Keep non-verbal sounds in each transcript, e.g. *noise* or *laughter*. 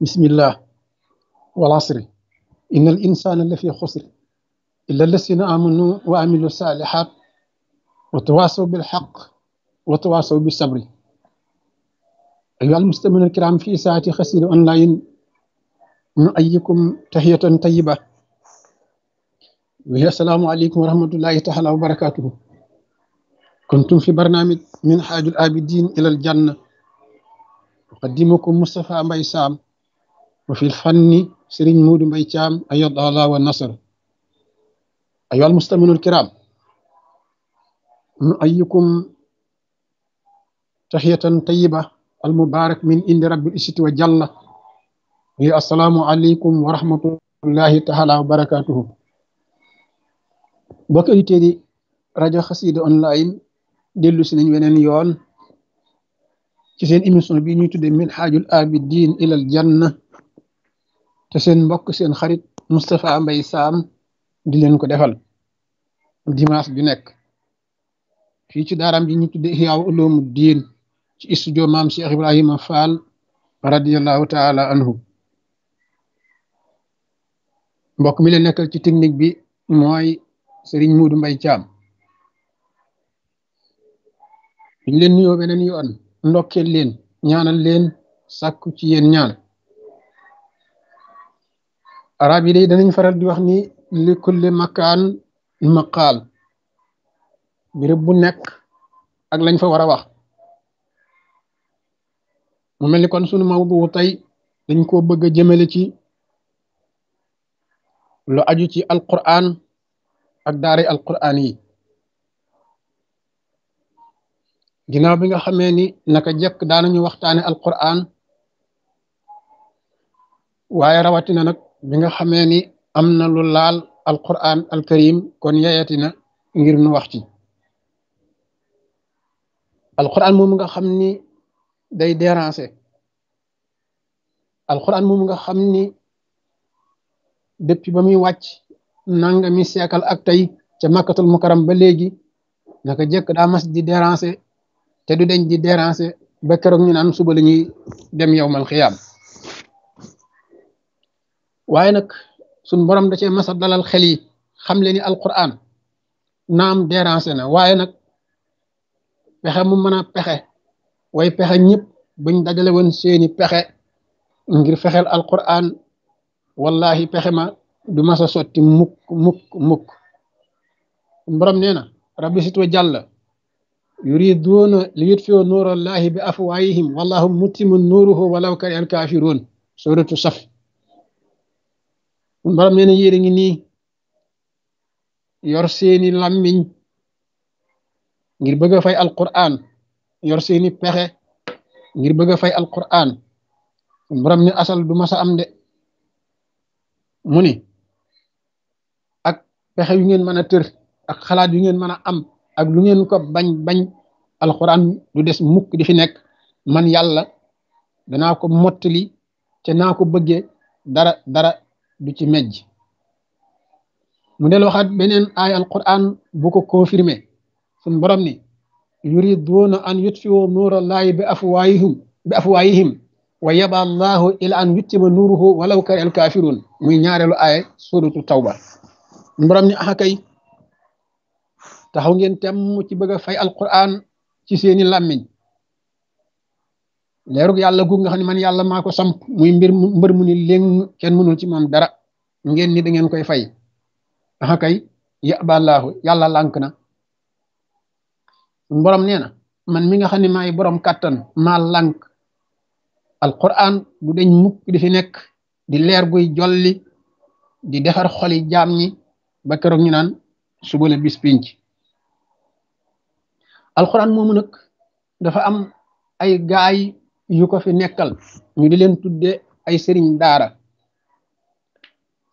بسم الله والعصر إن الإنسان لفي خسر إلا الذين آمنوا وعملوا الصالحات وتواصوا بالحق وتواصوا بالصبر أيها المستمعون الكرام في ساعة خسر أونلاين نؤيكم تحية طيبة وهي السلام عليكم ورحمة الله تعالى وبركاته كنتم في برنامج من حاج الآبدين إلى الجنة أقدمكم مصطفى ميسام wa fil fanni Serigne Modou Mbaye Thiam ayad allah wa nasr ayuha almustaminul kiram nu ayyukum tahiyatan tayyiba almubarak min indi rabbil isiti wa jalla yi assalaamu aleykum wa rahmatullahi taala wa barakatuhu bokk auditeurs yi rajo online dellu si weneen yoon ci seen émission bi ñuy tudde minhajul abidin ilal janna te seen mbokk seen xarit Moustapha mbay Sam di leen ko defal dimanche bi nekk fii ci daaraam ji ñu tudde Ihyaa Uloomu Diin ci studio maam Cheikh Ibrahima Fall radiyallahu taala anhu mbokk mi leen nekkal ci technique bi mooy Serigne Modou Mbaye Thiam ñu leen nuyoo beneen yoon ndokkeel leen ñaanal leen sàkku ci yéen ñaan arab yi day danañ faral di wax ni li kulli makaan maqaal béréb bu nekk ak lañ fa war a wax mu mel ni kon sunu mawdu tey dañ koo bëgg a jëmale ci lu aju ci alquran ak daaray alquran yi ginnaaw bi nga xamee ni naka jekk daanañu waxtaane alquran waaye rawatina nag bi nga xamee ni am na lu laal alquran alkarim kon yayati na ngir nu wax ci alquran moom nga xam ni day déranger alquran moom nga xam ni depuis ba muy wàcc nanga mi siècle ak tey ca makkatul mukaram ba léegi naka jekk daa mas di déranger te du deñ di déranger ba keroog ñu naan suba la ñuy dem yowmal xiyaam waaye nag suñ borom da cee masa dalal xel yi xam leen ni alquran naam déranger na waaye nag pexe mu mën a pexe way pexe ñëpp buñ dajale woon seeni pexe ngir fexel alquran wallahi pexe ma du masa sotti mukk mukk mukk suñ borom nee na rabbi sitwa jàll yuriduuna li yutfiu nuurallahi bi afwaayihim wallahu mutimu nuuruhu walaw kari al kaafiruun suratu saf mbaram yene yere ngi ni yor seeni làmmiñ ngir bëgg fay alquran yor seeni pexé ngir bëgg fay alquran mbaram ni asal du masa am de muni ak pexé yu ngeen mëna teur ak xalaat yu ngeen mëna am ak lu ngeen ko bañ bañ alquran du des mukk di fi nek man yalla dana ko mottali ci na ko bëgge dara dara du ci mejj mu del waxaat beneen ay alquran bu ko confirmé sun ni yuriduuna an yutfiwu nuurallaahi bi afwaayihim bi afwaayihim wa yaba allahu ila an yuttima nuuruhu walaw kari al muy ñaareelu ay suratu tawba sun ni axa kay taxaw ngeen temm ci bëgg a fay alquran ci seeni làmmiñ leerug yàlla gu nga xam ne man yàlla maako samp muy mbir mbër mu ni léng kenn mënul ci moom dara ngeen ni dangeen ngeen koy fay axa kay yaballaahu yàlla lànk na borom nee na man mi nga xam ne maay borom kàttan maa lànk alquran du dañ mukk di nekk di leer guy jolli di defar xoli jaam ñi ba keroog ñu naan suba la bis pinc alquran moomu nag dafa am ay gaay yu ko fi nekkal ñu di leen tudde ay sëriñ daara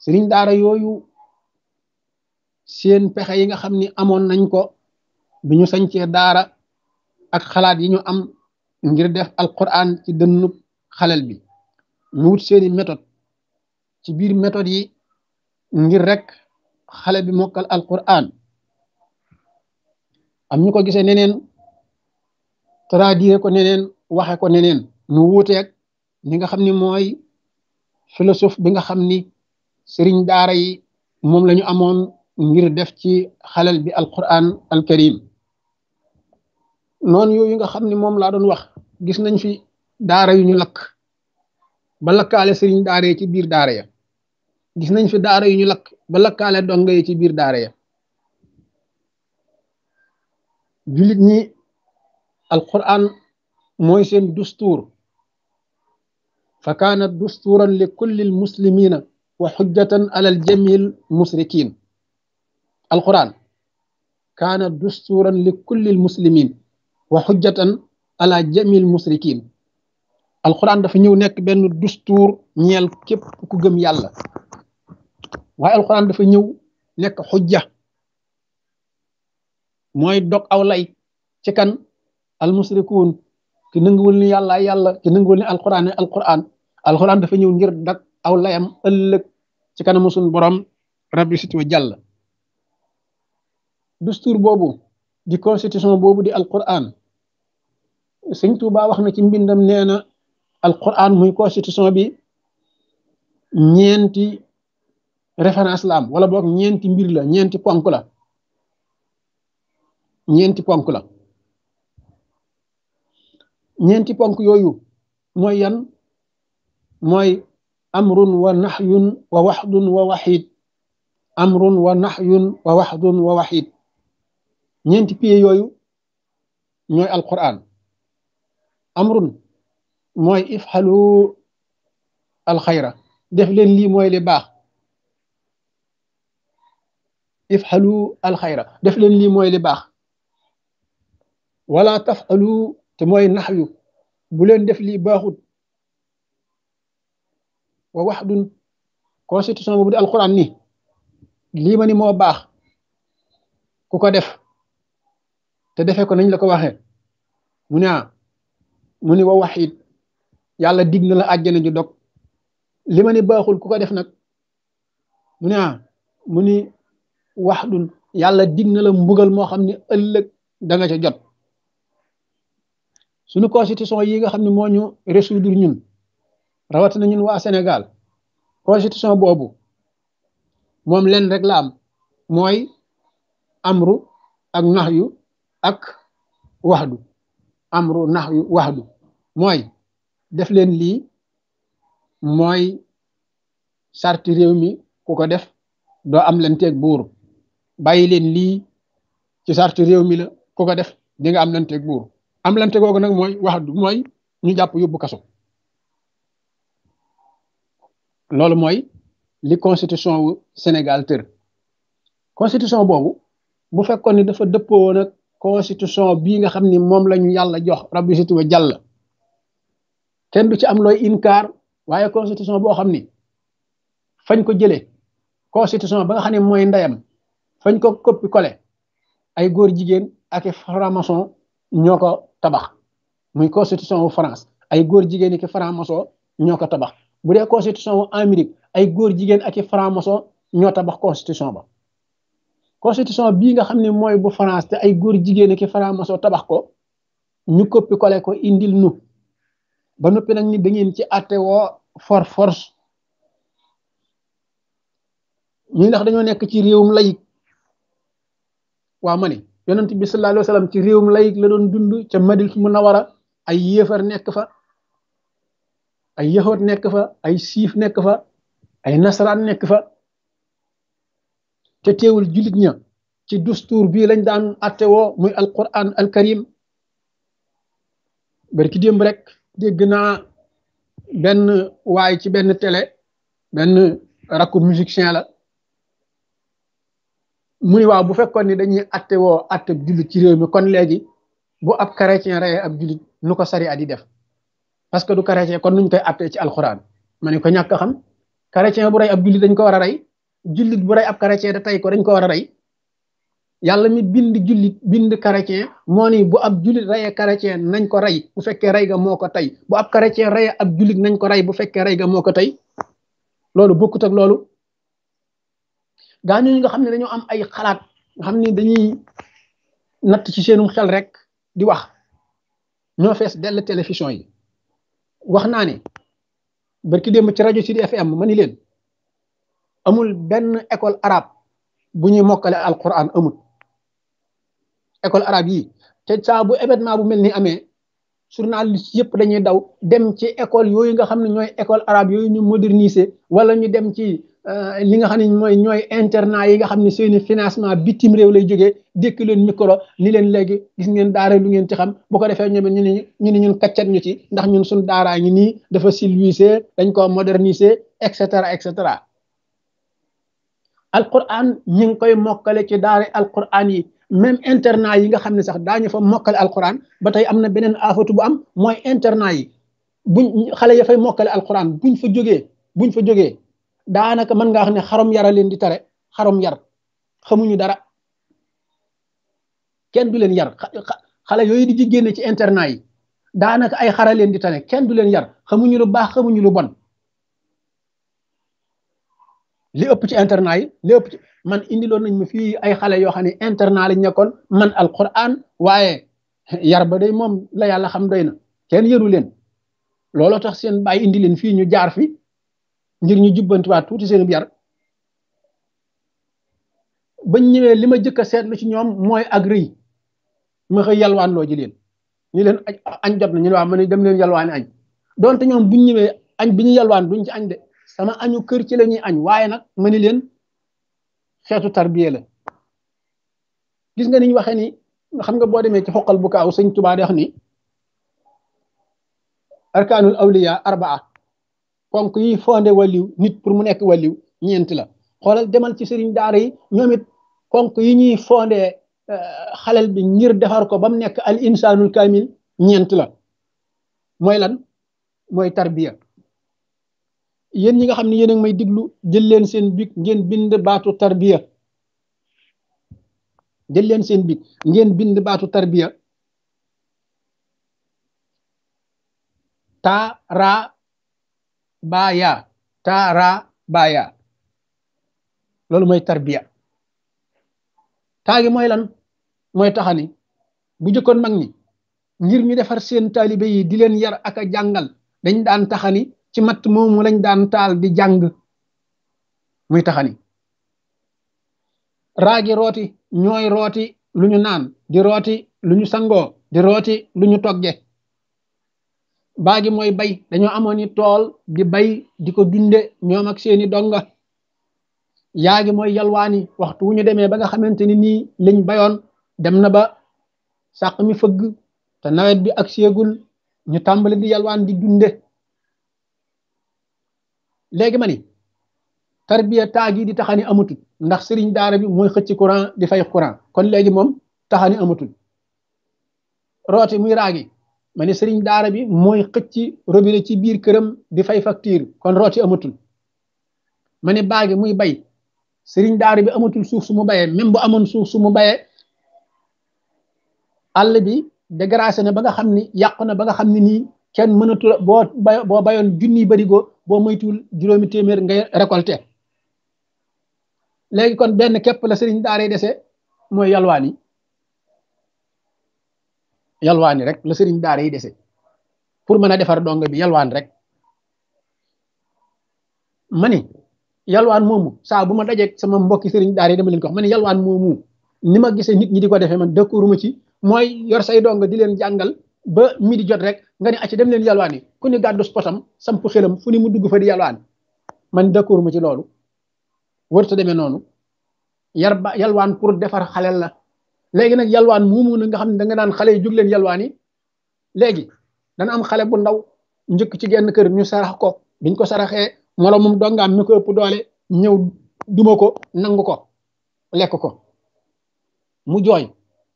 sëriñ daara yooyu seen pexe yi nga xam ni amoon nañ ko bi ñu sañcee daara ak xalaat yi ñu am ngir def alquran ci dënnub xalel bi ñu wut seeni méthode ci biir méthode yi ngir rek xale bi mokkal alquran am ñu ko gisee neneen traduire ko neneen waxe ko neneen nu wuuteeg ni nga xam ni mooy philosophe bi nga xam ni sëriñ daara yi moom lañu amoon ngir def ci xalal bi alquran alkarim noonu yooyu nga xam ni moom laa doon wax gis nañ fi daara yu ñu lakk ba lakkaale sëriñ daara yi ci biir daara ya gis nañ fi daara yu ñu lakk ba lakkaale donga yi ci biir daara ya jullit ñi alquran mooy seen dustuur fa kaanat dustuuran li kulli almuslimina wa xujjatan ala aljami almusrikin alquran kaanat dustuuran li kulli almuslimin wa xujjatan ala jami almusrikin alquran dafa ñëw nekk benn dustuur ñeel képp ku gëm yàlla waaye alquran dafa ñëw nekk xujja mooy dog aw lay ci kan almusrikuun ki nangul ni yalla yalla ki nangul ni alquran alquran alquran dafa ñew ngir dak aw layam ëllëg ci kanamu sun borom rabbi situ jalla dustur bobu di constitution bobu di alquran seigne touba wax na ci mbindam neena na alquran muy constitution bi ñenti référence la am wala bok ñenti mbir la ñenti ponku la ñenti ponku la ñeenti ponk yooyu mooy yan mooy amrun wa naxyun wa waxdun wa waxiid amrun wa naxyun wa waxdun wa waxiid ñeenti pie yooyu ñooy alquran amrun mooy ifxalu alxayra def leen lii mooy li baax ifxalu alxayra def leen lii mooy li baax wala tafxalu te mooy nax yu bu leen def lii baaxut wa wax dun constitution boobu di alquran ni lii ma ni moo baax ku ko def te defe ko nañ la ko waxe mu ne wa wax it yàlla dig na la àjjana ju dog li ma ni baaxul ku ko def nag mu ne ah wax dun yàlla dig na la mbugal moo xam ne ëllëg danga nga jot suñu constitution yi nga xam ne moo ñu résoudre ñun na ñun waa Sénégal constitution boobu moom len rek la am mooy amru ak naxyu ak waxdu amru nahyu waxdu mooy def leen lii mooy charte réew mi ku ko def doo am leen teeg buur bàyyi leen lii ci charte réew mi la ku ko def di nga am leen teeg buur am lante googu nag mooy wax mooy ñu jàpp yóbbu kaso loolu mooy li constitution wu Sénégal tër constitution boobu bu fekkoon ni dafa dëppoo nag constitution bii nga xam ni moom la ñu yàlla jox rabbi situ wa jàll kenn du ci am looy inkaar waaye constitution boo xam ni fañ ko jële constitution ba nga xam ne mooy ndeyam fañ ko coppi collé ay góor jigéen ak i franc tabax muy constitution wu France ay góor jigéen ki franc-maçon ñoo ko tabax bu dee constitution wu Amérique ay góor jigéen ak i franc ñoo tabax constitution ba constitution bii nga xam ne mooy bu France te ay góor jigéen ki franc-maçon tabax ko ñu koppi kole ko indil nu ba noppi nag ni ba ngeen ci àtte woo for force ñi ndax dañoo nekk ci réewum layik waa ma yonent bi sallallahu alayhi ci réewum layig la doon dund ca madinatu munawara ay yëfar nekk fa ay yaxoot nekk fa ay siif nekk fa ay nasaraan nekk fa te teewul jullit ña ci dustuur bii lañ daan attewoo muy alquran alkarim barki démb rek dégg naa benn waay ci benn tele benn rakku musicien la mu ni waaw bu fekkoon ni dañuy atte woo atte jullit ci réew mi kon léegi bu ab chrétien reyee ab jullit nu ko sari di def parce que du chrétien kon nuñ koy atte ci alxuraan ma ne ko ñàkk xam chrétien bu rey ab jullit dañ ko war a rey jullit bu rey ab chrétien da tey ko dañ ko war a rey yàlla mi bind jullit bind chrétien moo ni bu ab jullit reyee chrétien nañ ko rey bu fekkee rey ga moo ko tey bu ab chrétien reyee ab jullit nañ ko rey bu fekkee rey ga moo ko tey loolu bokkut ak loolu gaa ñooñu nga xamne dañu am ay xalaat nga xamne dañuy nat ci seenum xel rek di wax ñoo fess del télévision yi wax naa ne barki dem ci rajo ci FM ma ni leen amul benn école arabe bu ñuy mokkale alquran amul école arabe yi te ca bu événement bu mel ni amee journaliste yëpp dañuy daw dem ci école yooyu nga xam ne ñooy école arabe yooyu ñu moderniser wala ñu dem ci Euh, li nga xam ne mooy ñooy internat yi nga ne seeni financement bitim réew lay jógee dékk leen micro ni leen léegi gis ngeen daara lu ngeen ci xam bu ko defee ñoom ñu ne ñu ne ñun kaccat ñu ci ndax ñun daaraa ngi nii dafa silvisé dañ ko moderniser et cetera et cetera alquran ñi ngi koy mokkale ci daara alquran même internat yi nga xam ne sax daañu fa mokkale alquran ba tey am na beneen afatu bu am mooy internat yi buñ xale ya fay mokkale alquran buñ fa jógee buñ fa jógee daanaka mën nga xam ne xarom yara leen di tare xarom yar xamuñu dara kenn du leen yar xale yooyu di génne ci internat yi daanaka ay xara leen di tare kenn du leen yar xamuñu lu baax xamuñu lu bon li ëpp ci internat yi li ëpp ci man indiloon nañ ma fii ay xale yoo xam ne internat lañ nekkoon man alquran waaye yar ba day moom la yàlla xam doy na kenn yaru leen looloo tax seen baay indi leen fii ñu jaar fi ngir ñu jubbantiwaat tuuti seen yar bañ ñëwee li ma jëkk a seetlu ci ñoom mooy ak ma xëy yalwaan loo ji leen ñu leen añ jot na ñu ne waa ma dem leen yalwaani añ donte ñoom buñ ñëwee añ bi ñu yalwaan duñ ci añ de sama añu kër ci la ñuy añ waaye nag ma ni leen xeetu tarbiye la gis nga ni ñu waxee ni xam nga boo demee ci xoqal bu kaaw sëñ Tuubaa di ni arkaanul awliya arbaa ponk yi fonde waliw nit pour mu nekk waliw ñeenti la xoolal demal ci sëriñ daara yi ñoom it ponk yi ñuy fonde euh, xalel bi ngir defar ko ba mu nekk al insaanul kaamil ñeenti la mooy lan mooy tarbiya yéen ñi nga xam ne yéen a ngi may diglu jël leen seen big ngeen bind baatu tarbiya jël leen seen big ngeen bind baatu tarbiya ta ra baya tara baya lolou moy tarbiya tagi moy lan moy taxani bu jikon mag ñi ngir ñu defar seen yi di len yar aka jangal dañ daan taxani ci mat momu lañ daan taal di jang muy taxani ragi roti ñoy roti luñu naan di roti luñu sango di roti luñu togge baagi mooy bay dañoo amoon ni tool di bay di ko dunde ñoom ak seeni donga yaa gi mooy yalwaani waxtu wu ñu demee ba nga xamante ni nii liñ bayoon dem na ba sàq mi fëgg te nawet bi ak seegul ñu tàmbali di yalwaan di dunde léegi ma ni tarbiya taag yi di taxani amatul ndax sëriñ daara bi mooy xëcc courant di fay courant kon léegi moom taxani amatul rooti muy raagi ma ne sëriñ daara bi mooy xëcc robinet ci biir këram di fay facture kon rooti amatul ma ne baagi muy bay sëriñ daara bi amatul suuf su mu bayee même bu amoon suuf suma mu bayee àll bi dégracé na ba nga xam ni yàqu na ba nga xam ne nii kenn mënatul boo bay boo bayoon junniy barigo boo moytuwul juróomi téeméer nga récolté léegi kon benn képp la sëriñ daara yi dese mooy yalwaan yi yalwaani rek la sëriñ daar yi dese pour mën a defar donga bi yalwaan rek ma ni yalwaan moomu saa bu ma dajeeg sama mbokki sëriñ daar yi dama leen ko wax ma ni yalwaan moomu ni ma gisee nit ñi di ko defee man dëkkuruma ci mooy yor say dong di leen jàngal ba midi jot rek nga ne acca dem leen yalwaani ku ni gàddu spotam samp xelam fu ni mu dugg fa di yalwaani man dëkkuruma ci loolu wërta demee noonu yar yalwaan pour defar xalel legi nak yalwan mumu na nga xamne da nga nan xalé yi am xalé bu ndaw njëkk ci genn kër ñu sarax ko biñ ko saraxee moromum dongaam mi ko ëpp doole ñew duma ko nangu ko lek ko mu joy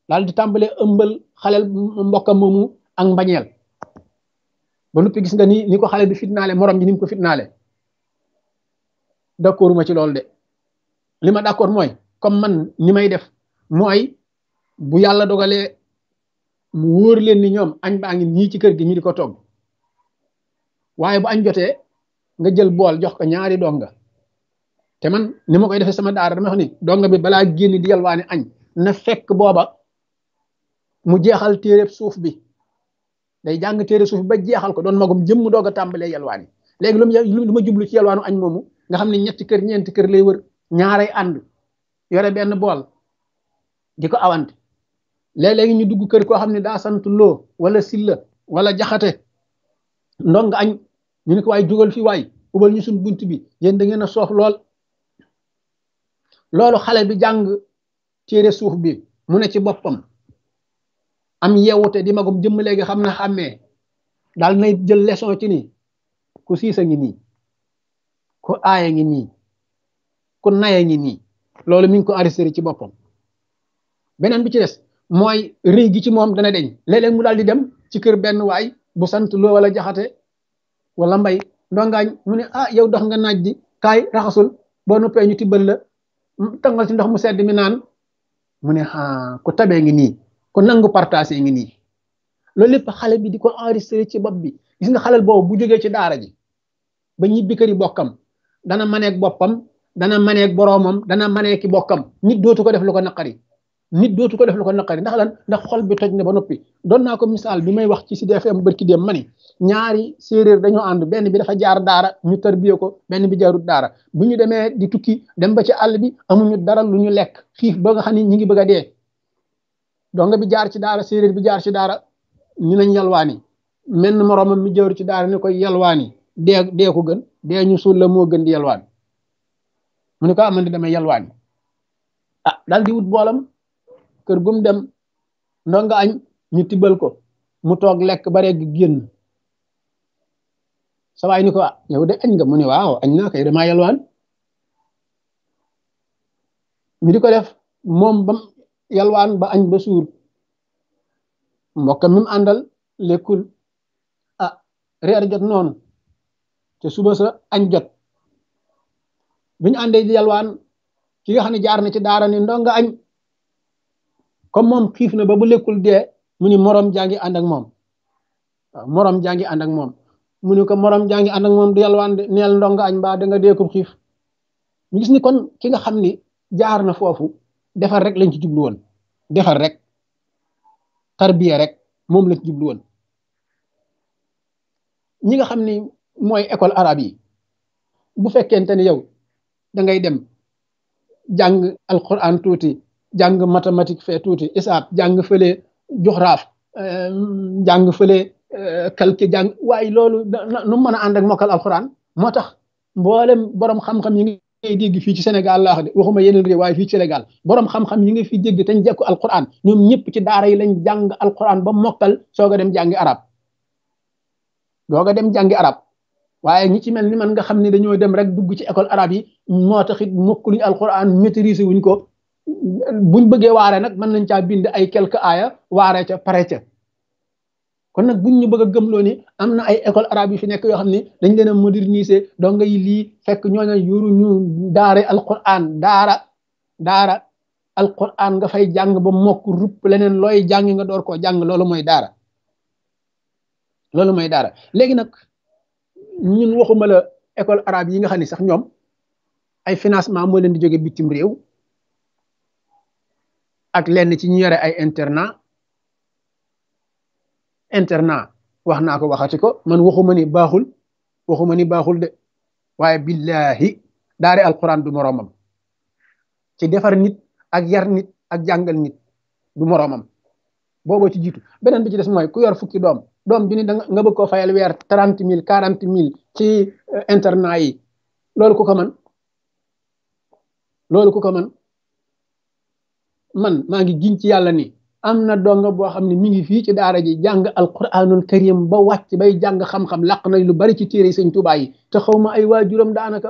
dal di tàmbalee ëmbal xalel mbokkam moomu ak mbagnel ba nuppi gis nga ni ni ko xalé bi fitnalé morom ji ni ko fitnalé d'accord ma ci lol de lima d'accord moy comme man ni may def moy bu yàlla dogalee mu wóor leen ni ñoom añ baa ngi nii ci kër gi ñu di ko togg waaye bu añ jotee nga jël bool jox ko ñaari donga te man ni ma koy defee sama daara dama wax ni bi balaa génn di añ na fekk booba mu jeexal téere suuf bi day jàng téere suuf bi ba jeexal ko doon magum jëmm doog a tàmbalee yalwaani léegi lu lu ma jublu ci yalwaanu añ moomu nga xam ne ñetti kër ñeenti kër lay wër ñaaray ànd yore benn bool di ko awante léeg-léegi ñu dugg kër koo xam ne daa sant loo wala silla wala jaxate ndong añ ñu ne ko waay jugal fi waay ubal ñu suñ bunt bi yéen da ngeen a soof lool loolu xale bi jàng téere suuf bi mu ne ci boppam am yeewute di magum jëmm léegi xam na xàmmee daal nay jël leçon ci ni ku siis a ngi nii ku aaya ngi nii ku naya ngi nii loolu mi ngi ko arrêté ci boppam beneen bi ci des mooy rëy gi ci moom dana deñ léeg-léeg mu daal di dem ci kër benn waay bu sant loo wala jaxate wala mbay ndongaañ mu ne ah yow dox nga naaj di kaay raxasul boo noppee ñu tibbal la tangal ci ndox mu sedd mi naan mu ne ah ku tabee ngi nii ku nangu partagé ngi nii loolu lépp xale bi di ko enregistré ci bopp bi gis nga xalal boobu bu jógee ci daara ji ba ñibbi këri bokkam dana maneeg boppam dana maneeg boroomam dana maneeki bokkam nit dootu ko def lu ko naqari nit dootu ko def lu ko naqari ndax lan ndax xol bi toj na ba noppi doon naa ko misaal bi may wax ci si DFM barki dem ma ni ñaari séeréer dañoo ànd benn bi dafa jaar daara ñu tarbiye ko benn bi jaarut daara bu ñu demee di tukki dem ba ci àll bi amuñu dara lu ñu lekk xiif ba xam ni ñu ngi bëgg a dee donga bi jaar ci daara séeréer bi jaar ci daara ñu nañ yalwaani menn moroomam mi jaaru ci daara ni koy yalwaani dee dee ko gën dee ñu suul la moo gën di yalwaan mu ne ko amandi ah, damay yalwaani ah daal di wut boolam kër gum dem ndonga añ ñu tibal ko mu toog lekk ba reg génn sa waay ni ko ah, yow de añ nga mu ne añ naa kay damaa yalwaan ñu di ko def moom bam yalwaan ba añ ba suur mbokkam mi mu lekkul ah reer jot noonu te suba sa añ jot bi ñu yalwaan ki nga xam jaar na ci daara ndonga añ comme moom xiif na ba bu lekkul dee mu ni moroom jaa ngi ànd ak moom waaw moroom jaa ànd ak moom mu ni ko moroom jaa ngi ak moom du yàlwaan neel ndonga añ mbaa da nga deekub xiif ñu gis ni kon ki nga xam ni jaar na foofu defar rek lañ ci jublu woon defar rek tarbiya rek moom lañ ci jublu woon ñi nga xam ni mooy école arabe yi bu fekkente ni yow dangay ngay dem jàng alquran tuuti jàng mathématique fee tuuti isaab jàng fële juxraaf euh, jàng fële euh, calcul jàng waaye loolu nu mën a ànd ak mokkal alxuraan moo tax mboolem borom xam-xam yi ngay dégg fii ci Sénégal laa wax de waxuma yeneen réew waaye fii ci Sénégal borom xam nga fi dégg te ñu jekku ñoom ñëpp ci daara yi lañ jàng alxuraan ba mokkal soog dem jàngi arab soog dem jàngi arab waaye ñi ci mel ni man nga xam ne dañoo dem rek dugg ci école arab yi moo taxit mokk luñu alxuraan maîtriser wuñ ko buñ bëggee waare nag mën nañ caa bind ay quelques aaya waare ca pare ca kon nag buñ ñu bëgg a gëmloo ni am na ay école arabe yu fi nekk yoo xam ne dañ leen a moderniser donc ngay lii fekk ñooñu yoru ñu daare alquran daara daara alquran nga fay jàng ba mokk rupp leneen looy jàng nga door koo jàng loolu mooy daara loolu mooy daara léegi nag ñun waxuma la école arabe yi nga xam ne sax ñoom ay financement moo leen di jóge bitim réew ak lenn ci ñu yore ay internat internat wax naa ko waxati ko man waxuma ni baaxul waxuma ni baaxul de waaye billahi daare alquran du moromam ci defar nit ak yar nit ak jàngal nit du moromam boobo ci jiitu beneen bi ci des mooy ku yor fukki doom doom bi ni nga bëgg koo fayal weer trente mille quarante mille ci euh, internat yi loolu ku ko man loolu ku ko man man maa ngi giñ ci yàlla ni am na donga boo xam ne mi ngi fii ci daara ji jàng alquranul karim ba wàcc bay jàng xam-xam làq nañ lu bari ci téere sëñ Tuubaa yi te xaw ma ay waajuram daanaka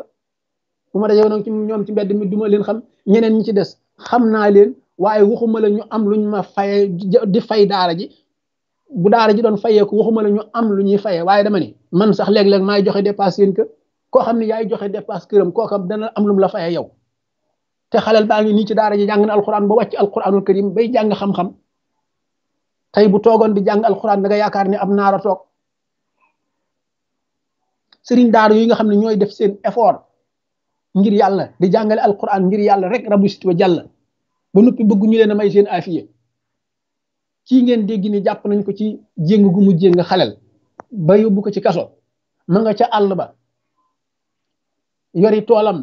bu ma dajewoon ci ñoom ci mbedd mi duma leen xam ñeneen ñi ci des xam naa leen waaye waxuma la ñu am luñ ma faye di fay daara ji bu daara ji doon fayee ko waxuma la ñu am lu ñuy fayee waaye dama ni man sax léeg-léeg maay joxe dépasse seen kër koo xam ne yaay joxe dépasse këram kooka dana am lu mu la fayee yow te xalal baa ngi nii ci daara ji jàng na alquran ba wàcc alquranul karim bay jàng xam-xam tey bu toogoon di jàng alquran da yaakaar ne am naara toog sëriñ daara yi nga xam ne ñooy def seen effort ngir yàlla di jàngale alquran ngir yàlla rek rabu sit wa jàll ba bëgg ñu leen a may seen kii ngeen dégg ni jàpp nañ ko ci jéng gu mu xaleel xalal ba yóbbu ko ci kaso ma nga ca àll ba yori toolam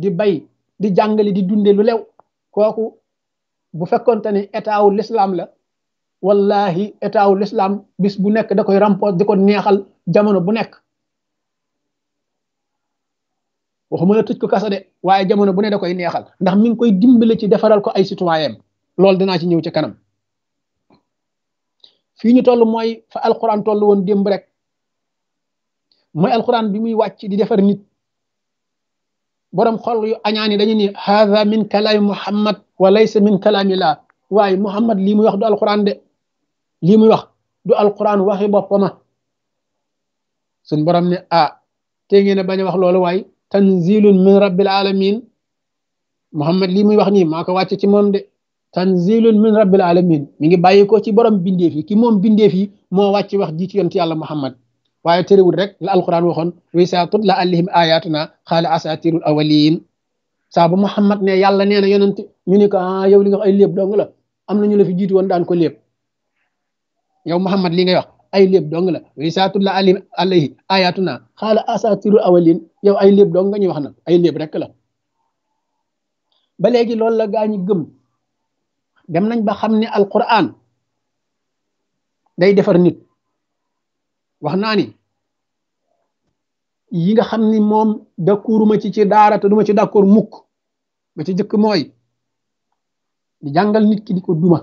di bay di jàngale di dunde lu lew kooku bu fekkonte ne état wu l'islam la wallahi état wu l'islam bis bu nekk da koy rampoos di ko neexal jamono bu nekk waxuma la tëj ko kasa de waaye jamono bu ne da koy neexal ndax mi ngi koy dimbale ci defaral ko ay citoyen loolu dinaa ci ñëw ci kanam fii ñu toll mooy fa alquran toll woon démb rek mooy alquran bi muy wàcc di defar nit borom xol yu añaani dañu ni hadha min kalam muhammad wa laysa min kalam la way muhammad li muy wax du alquran de li muy wax du alquran waxi bopama sun borom ne a te ngeen a bañ wax lolu way tanzilun min rabbil alamin muhammad li muy wax ni mako wacc ci mom de tanzilun min rabbil alamin mi ngi bayiko ci borom bindeef yi ki mom bindeef yi moo wàcce wax ji ci yonti yàlla muhammad waaye terewul rek la alquran waxoon wi saa tutla alihim ayatuna xaala asatirul awalin saa bu muhammad ne yàlla nee na yonent ñu ni ko ah yow li nga wax ay léeb dong la am na ñu la fi woon daan ko léeb yow li ngay wax ay léeb dong la wi saa tutla alihim alayhi ayatuna xaala asatirul awalin yow ay léeb dong nga ñuy wax nag ay léeb rek la ba léegi loolu la gaa ñi dem nañ ba xam ne al day defar nit wax naa ni yi nga xam ni moom d'accorduma ci ci daara te duma ci d'accord mukk ba ci jëkk mooy di jàngal nit ki di ko duma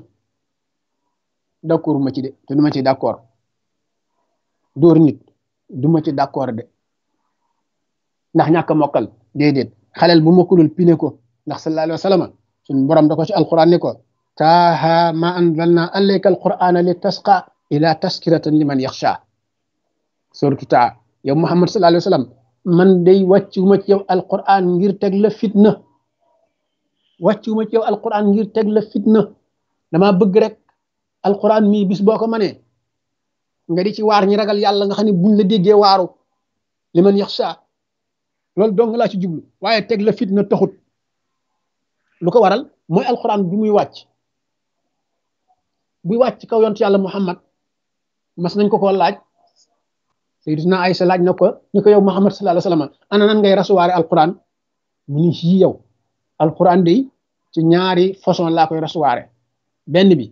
ma ci de te duma ci d'accord dóor nit duma ci d'accord de ndax ñàkk a mokkal déedéet xaleel bu mokkulul pine ko ndax sallallahu alayhi wa sallam suñu borom da ko ci alquran ni ko taaha ma anzalna alayka alqur'ana li tasqa ila taskiratan liman yaxsha suratu taa yow muhammad sallallahu alayhi wa sallam man day wàccuma ci yow ngir teg la fitna wàccuma ci yow ngir teg la fitna damaa bëgg rek alquran mii bis boo ko manee nga di ci waar ñi ragal yàlla nga xam ne buñ la déggee waaru li man yax saa loolu dong laa ci jublu waaye teg la fitna taxut lu ko waral mooy alquran bi muy wàcc buy wàcc kaw yontu yàlla muhammad mas nañ ko ko laaj ay sa laaj na ko ñu ko yow Muhammad sallallahu alayhi wa sallam ana nan ngay rasuwaare alquran mu ni yii yow alquran day ci ñaari façon laa koy rasuwaare benn bi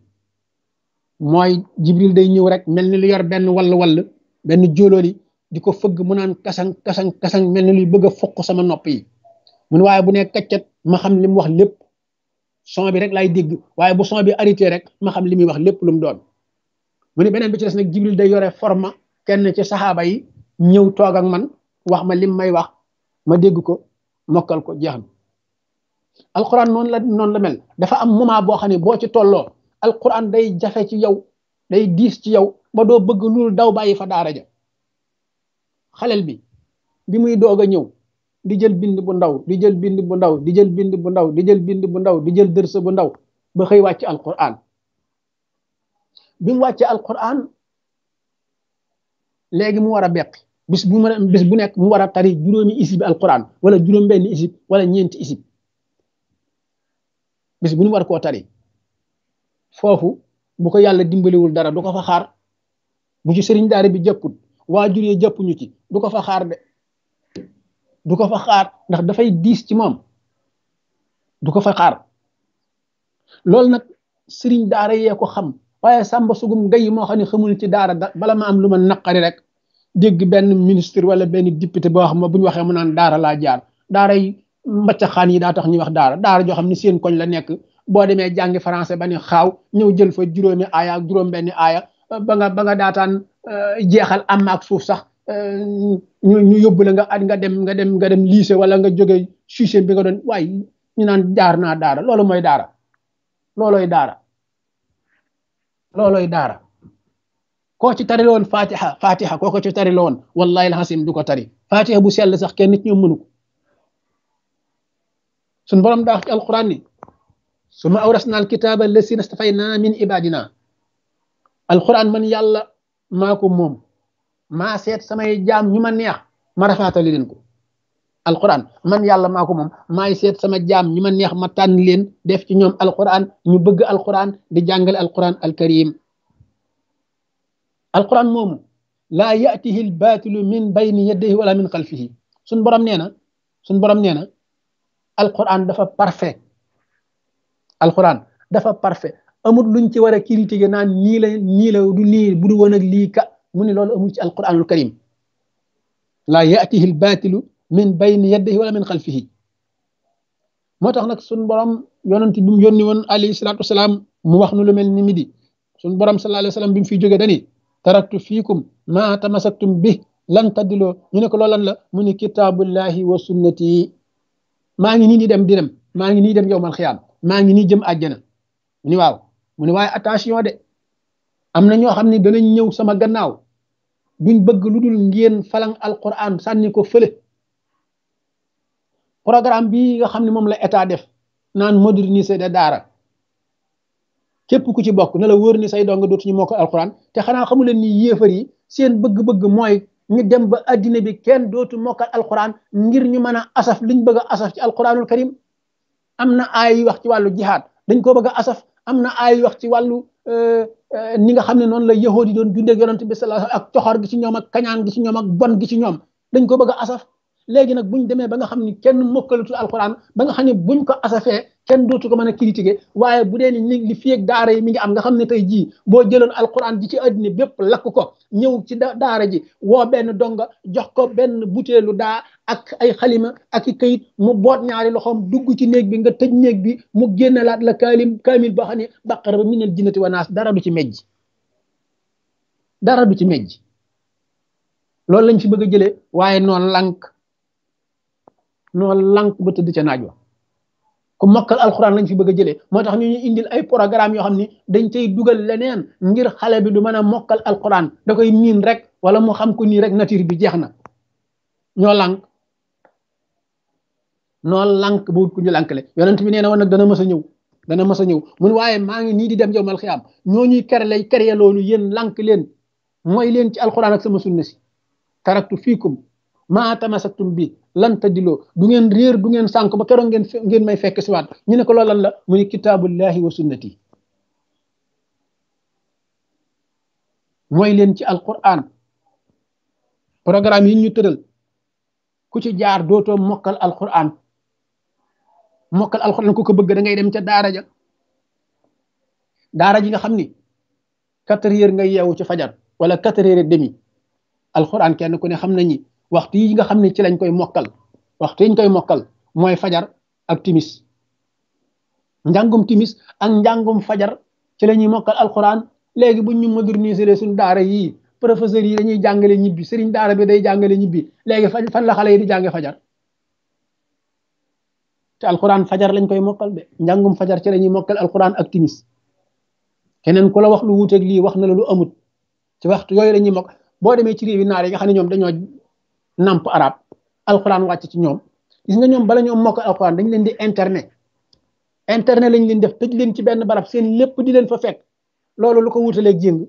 mooy Jibril day ñëw rek mel ni lu yor benn wall wall benn jóolóoli di ko fëgg mu naan kasang kasang kasang mel ni luy bëgg a fokk sama nopp yi mun waaye bu nee kaccat ma xam li mu wax lépp son bi rek laay digg waaye bu son bi arrêté rek ma xam li muy wax lépp lu mu doon mu ne beneen bi ci kenn ci saxaaba yi ñëw toog ak man wax ma lim may wax ma dégg ko mokkal ko jeex na alquran noonu la noonu la mel dafa am moment boo xam ne boo ci tolloo alquran day jafe ci yow day diis ci yow ba doo bëgg loolu daw bàyyi fa daara ja xalel bi bi muy doog a ñëw di jël bind bu ndaw di jël bind bu ndaw di jël bind bu ndaw di jël bind bu ndaw di jël dërsa bu ndaw ba xëy wàcc alquran bi mu wàccee alquran léegi mu war a bekk bis bu ma bis bu mu war a tari juróomi isib alquran wala juróom benn isib wala ñeenti isib bis bu ñu war ko tari foofu bu ko yàlla dimbaliwul dara du ko fa xaar bu ci sëriñ daar bi jëpput waajur yi jëppuñu ci du ko fa xaar de du ko fa xaar ndax dafay diis ci moom du ko fa xaar loolu nag sëriñ daara yee ko xam waaye samba sugum gay moo xam ne xamul ci daara bala ma am lu ma naqari rek dégg benn ministre wala benn député boo xam ne bu ñu waxee mu naan daara laa jaar daara yi mbaccaxaan yi daa tax ñuy wax daara daara joo xam ne seen koñ la nekk boo demee jàngi français ba ni xaaw ñëw jël fa juróomi aaya ak juróom aaya ba nga ba nga daataan euh, jeexal am ak suuf sax euh, ñu ñu yóbbu la nga at nga dem nga dem nga dem lycée wala nga jóge suiseen bi nga doon waaye ñu naan jaar naa daara loolu mooy daara loolooy daara loolooy daara koo ci tari woon fatiha fatiha koo ko ci tari loon wallahi alhasim du ko tari fatiha bu sell sax kenn nit ñu mënu ko sun borom daa ci alquran ni suma na alkitaaba allasina stafaynaa min ibadina alquran man yàlla maa ko moom maa seet samay jaam ñu ma neex ma rafaatali leen ko alquran man yàlla maa ko moom maay seet sama jaam ñi ma neex ma tànn leen def ci ñoom alquran ñu bëgg alquran di jàngale alquran alkarim alquran moomu laa yatihi albaatilu min bayni yadayhi wala min xalfihi suñ borom nee na suñ borom nee na alquran dafa parfait alquran dafa parfait amul luñ ci war a critiquer naan nii la nii la du nii bu du woon ak lii ka mu ne loolu amul ci alquranul karim laa yatihi albaatilu min bayni yadihi wala min xalfihi moo tax nag suñu borom yonent bi mu yónni woon alayhi salaatu mu wax nu lu mel ni midi suñu borom sallallahu alayhi wasallam bi mu fiy jógee dani taraktu fiikum ma tamassaktum bi lan taddiloo ñu ne ko loolan la mu ni kitaabullahi wa sunnati maa ngi nii di dem di dem maa ngi nii dem yowmal xiyaam maa ngi nii jëm àjjana mu waaw mu waay waaye attention de am na ñoo xam ne danañ ñëw sama gannaaw duñ bëgg lu dul ngeen falang alquran sànni ko fële programme bii nga xam ne moom la état def naan moderniser de daara képp ku ci bokk na la wóor ni say dong dootuñu moo ko alxuraan te xanaa xamu leen ni yéefar yi seen bëgg-bëgg mooy ñu dem ba addina bi kenn dootu mokkal alxuraan ngir ñu mën a asaf liñ bëgg a asaf ci alxuraanul karim am na ay wax ci wàllu jihaad dañ koo bëgg a asaf am na ay wax ci wàllu euh, euh, ni nga xam ne noonu la yahood di doon dundee ak yonent bi sallallahu ak coxor gi ci ñoom ak kañaan gi ci ñoom ak bon gi ci ñoom dañ ko bëgg a légui nak buñ démé ba nga xamni kenn mokkalatul alquran ba nga xamni buñ ko asafé kenn dootu ko mëna critiquer waye bu dee ni li fii ak daara yi mi ngi am nga xamni tay ji bo boo jëloon alquran ji ci àddina bépp lak ko ñëw ci daara ji wo ben donga jox ko ben butéelu da ak ay khalima ak kayit mu boot ñaari loxom dugg ci néeg bi nga tëj néeg bi mu gennalat la kalim kamil ba xani baqara min al jinnati wa nas dara du ci mejj dara du ci mejj loolu lañ ci bëgg jëlé waye non lank noo lank ba tëdd ca naaj wa ku mokkal alxuraan lañ fi bëgg a jëlee moo tax ñu ñu indil ay programme yoo xam ni dañ cey dugal leneen ngir xale bi du mën a mokkal alxuraan da koy miin rek wala mu xam ku nii rek nature bi jeex na ñoo lank noo lank ba wut ku ñu lànkale yonent bi nee na woon nag dana mës a ñëw dana mës a ñëw mun waaye maa ngi nii di dem yowmal xiyaam ñoo ñuy kerle kerye loolu yéen lànk leen mooy leen ci alxuraan ak sama sunna si taraktu fiikum ma tamassaktum bi lan tadilo du ngeen reer du ngeen sank ba kero ngeen ngeen may fekk ci wat ñu ne ko lolan la muy kitabullahi wa sunnati moy leen ci alquran programme yi ñu teural ku ci jaar doto mokal alquran mokal alquran ku ko bëgg da ngay dem ci daara ja daara ji nga xamni 4 heures ci fajar wala 4 heures demi alquran kenn ku ne xam waxtu yi nga xam ne ci lañ koy mokkal waxtu yi ñu koy mokkal mooy fajar ak timis njangum timis ak njàngum fajar ci la ñuy mokkal alxuraan léegi bu ñu moderniser suñu daara yii professeurs yi dañuy jàngale ñibbi sëriñ daara bi day jàngale ñibbi léegi fan la xale yi di jànge fajar te alxuraan fajar lañ koy mokkal de njàngum fajar ci la ñuy mokkal alxuraan ak timis keneen ku wax lu wuuteeg lii wax na la lu amut ci waxtu yooy la ñuy mokk boo demee ci réew yi naar yi nga xam ne ñoom dañoo namp arab alquran wacc ci ñom gis nga ñom bala ñom moko alquran dañ leen di internet internet lañ leen def tej leen ci benn barab seen lepp di leen fa fekk loolu lu ko ak jeng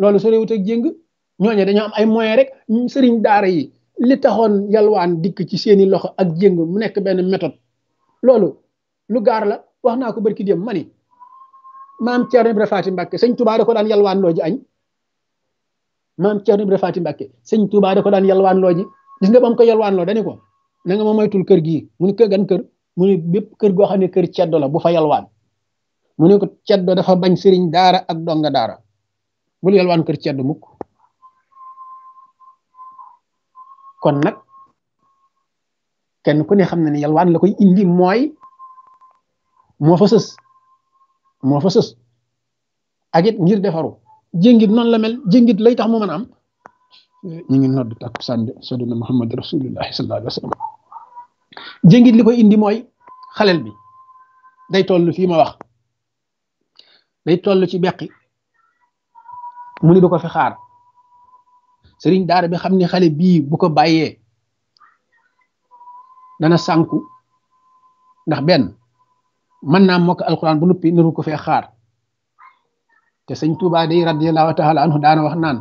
loolu sore wut ak jeng ñooñu dañu am ay moyen rek sëriñ daara yi li taxoon yalwaan dik ci seeni loxo ak jeng mu nekk benn méthode loolu lu gar la waxna ko barki dem mani maam Thierno Ibrahima mbake Mbacke tuba Touba da ko daan yalwaan loji agni maam Thierno Ibrahima ti Mbacké sëñ Touba da ko daan yalwaan loo ji gis ba mu ko yalwaan loo dañu ko na nga ma moytul kër gii mu ne kër gan kër mu ne bépp kër goo xam ne kër ceddo la bu fa yalwaan mu ko ceddo dafa bañ sëriñ daara ak donga daara bul yalwaan kër ceddo mukk kon nag kenn ku ne xam na ne yalwaan la koy indi mooy moo fa sës moo fa sës ak it ngir defaru jéngit noonu la mel jéngit lay tax mu mën a am ñu ngi nodd takku sànni sodona Muhammad rasulullahi sallallahu alayhi wa sallam li koy indi mooy xalel bi day toll fii ma wax day toll ci beqi mu ni du ko fi xaar sëriñ daara bi xam ne xale bii bu ko bàyyee dana sànku ndax benn mën naa mokk alxuraan bu nuppi naru ko fee xaar te sëñ Touba day radiallahu taala anhu daana wax naan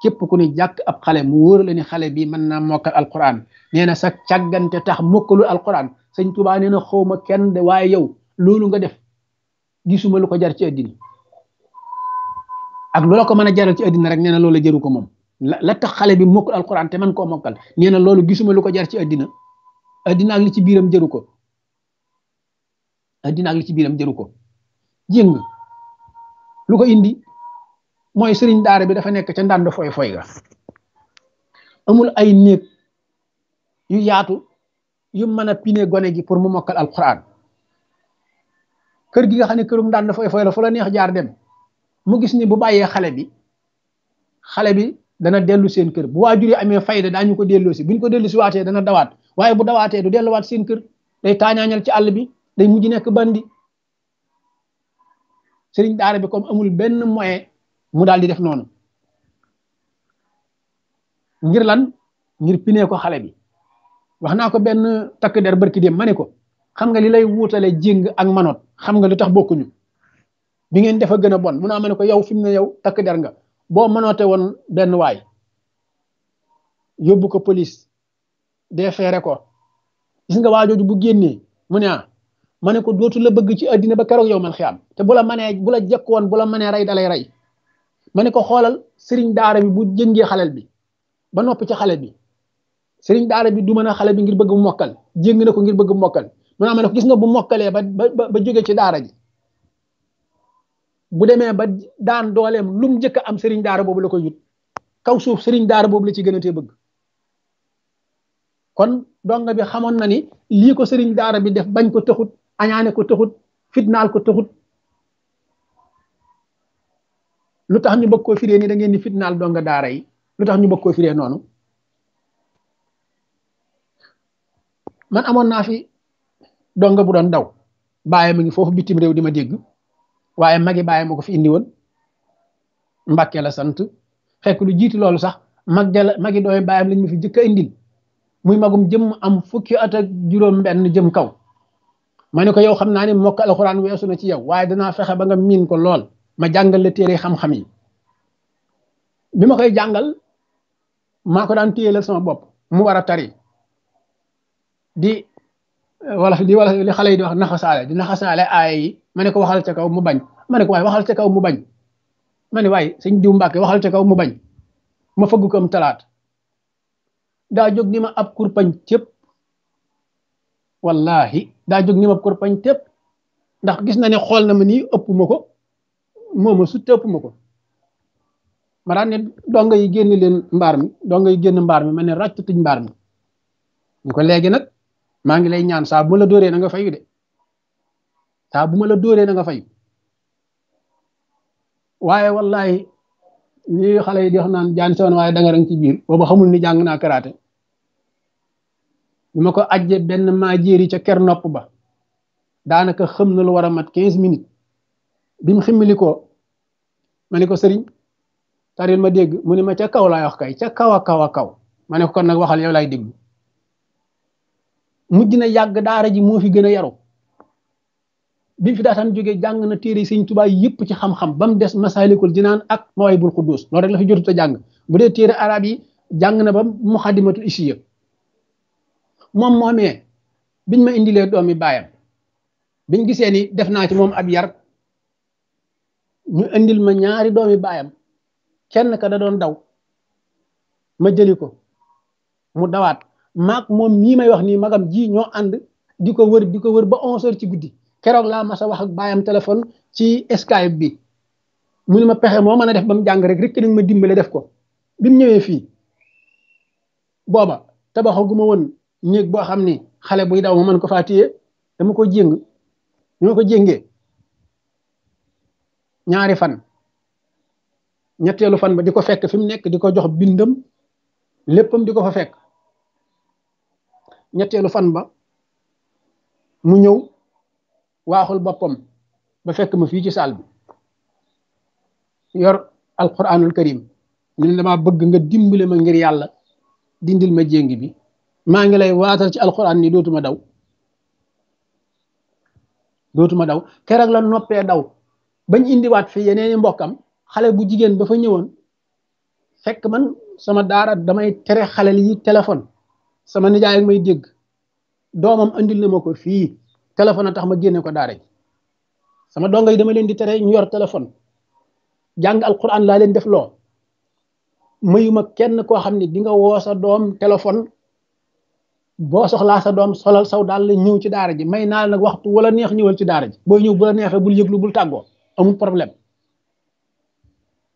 képp ku ne jàkk ab xale mu wóor la ni xale bi mën naa mokkal alquran nee na sa càggante tax mokkalu alquran sëñ Touba nee na xawma kenn de waaye yow loolu nga def gisuma lu ko jar ci àddina ak loola ko mën a jaral ci àddina rek nee na loola jëru ko moom la tax xale bi mokkul alquran man koo mokkal nee loolu gisuma ko jar ci àddina àddina li ci biiram jëru ko àddina li ci biiram jëru ko jéng lu ko indi mooy sëriñ daara bi dafa nekk ca ndànd foy foy ga amul ay néeg yu yaatu yu mën a pine gone gi pour mu mokkal alquran kër gi nga xam ne kërum ndànd foy foy la fu la neex jaar dem mu gis ni bu bàyyee xale bi xale bi dana dellu seen kër bu waajur fay amee daa ñu ko delloo si buñ ko dellu si waatee dana dawaat waaye bu dawaatee du delluwaat seen kër day taañaañal ci àll bi day mujj nekk bandi sëriñ daara bi comme amul benn moyen mu daal di def noonu ngir lan ngir pinee ko xale bi wax naa ko benn takk der barki ma ne ko xam nga li lay wuutale jéng ak manoot xam nga li tax bokkuñu bi ngeen defa gën a bon mun naa ma ne ko yow fi mu ne yow takk der nga boo mënoote woon benn waay yóbbu ko police deefeere ko gis nga waajooju bu génnee mu ne ah, ma ne ko dootul a bëgg ci àddina ba keroog yow mal xiyaam te bu la mënee bu la jekkoon bu la mënee rey dalay rey ma ne ko xoolal sëriñ daara bi bu jëngee xalel bi ba noppi ci xale bi sëriñ daara bi du mën a xale bi ngir bëgg mu mokkal jéng ko ngir bëgg mokkal maanaam ma ne ko gis nga bu mokkalee ba ba ba ci daara ji bu demee ba daan dooleem lum njëkk am sëriñ daara boobu la ko yut kaw suuf sëriñ daara boobu la ci gën a tee bëgg kon donga bi xamoon na ni lii ko sëriñ daara bi def bañ ko taxut añaane ko taxut fitnaal ko taxut lu tax ñu bëgg koo firee ni da ngeen di donga daara yi lu tax ñu bëgg koo noonu man amoon naa fi donga bu doon daw bàyyi ma ngi foofu bitim réew di ma dégg waaye magi bàyyi ma ko fi indi woon Mbàkke sant fekk lu jiit loolu sax mag de la magi dooy bàyyam lañ fi jëkk a muy magum jëm am fukki at ak juróom benn jëm kaw ma ko yow xam naa ne mokk alxuraan weesu na ci yow waaye danaa fexe ba nga miin ko lool ma jàngal la téere xam-xam yi bi ma koy jàngal maa ko daan téyelal sama bopp mu war a tari di di wala li xale yi di wax naxasaale di naxasaale aaya yi ma ne ko waxal ca kaw mu bañ ma ne ko waaye waxal ca kaw mu bañ ma ne waaye sëñ diw mbàkke waxal ca kaw mu bañ ma fëgg ko talaat daa jóg ni ma ab kurpañ cëpp wallahi daa jóg ni ma kurpañ tépp ndax gis na ni xool na ma nii ëpp ma ko moo ma sut ëpp ma ko ma daan ne yi génn leen mbaar mi donga yi génn mbaar mi ma ne ràcc tuñ mbaar mi ñu ko léegi nag maa ngi lay ñaan saa bu ma la dóoree na nga fayu de saa bu ma la dóoree na nga fayu waaye wallahi li xale yi di wax naan jaan sewoon waaye danga rang ci biir booba xamul ni jàng naa karaate bima ko ajje benn maajeeri ca ker nopp ba danaka xëm na lu wara mat 15 minutes bim mu ximmili ko maniko serign taril ma deg muni ma ca kaw laay wax kay ca kaw a kaw a kaw ma kon nak waxal yow lay deg mujjina yag daara ji mo fi gëna yaro bim fi daatan joge jang na téré touba yépp ci xam-xam bam dess masalikul jinan ak mawaybul qudus lo rek la fi jottu ta jang bu dee téere arab yi jang na bam muhaddimatul ishiya moom moomee biñ ma indilee doomi baayam biñ gisee ni def naa ci moom ab yar ñu indil ma ñaari doomi baayam kenn ka da doon daw ma jëli ko mu dawaat maak moom mii may wax nii magam ji ñoo ànd di ko wër di ko wër ba onze ci guddi keroog laa mas a wax ak baayam téléphone ci Skype bi mu ne ma pexe moo mën a def bam mu jàng rek rek nañ ma dimbale def ko bi ñëwee fii booba tabaxaguma woon néeg bo xamni xalé buy daw mo man ko fatiyé dama ko jeng ñu ko ñaari fan ñettelu fan ba di ko fekk fim nek nekk di ko jox bindam leppam di ko fa fekk ñettelu fan ba mu ñew waxul bopam ba fekk ma fi ci saal bi yor alquranul karim ñu dama bëgg nga dimbalé ma ngir yalla dindil ma jeng bi maa ngi lay waatal ci alxuraan ni dootuma daw dootuma daw keroog la noppee daw bañ indiwaat fi yeneeni mbokkam xale bu jigéen ba fa ñëwoon fekk man sama daara damay tere xale yi téléphone sama nijaay ak may dégg doomam andil na ma ko fii téléphone a tax ma génne ko daara sama dongo yi dama leen di tere ñu yor téléphone jàng alxuraan laa leen def loo mayuma kenn koo xam ne dinga nga woo sa doom téléphone boo soxlaa sa doom solal saw daal la ñëw ci daara ji may naa nag waxtu wala neex ñëwal ci daara ji boo ñëw ba la neexee bul yëglu bul tàggoo amul problème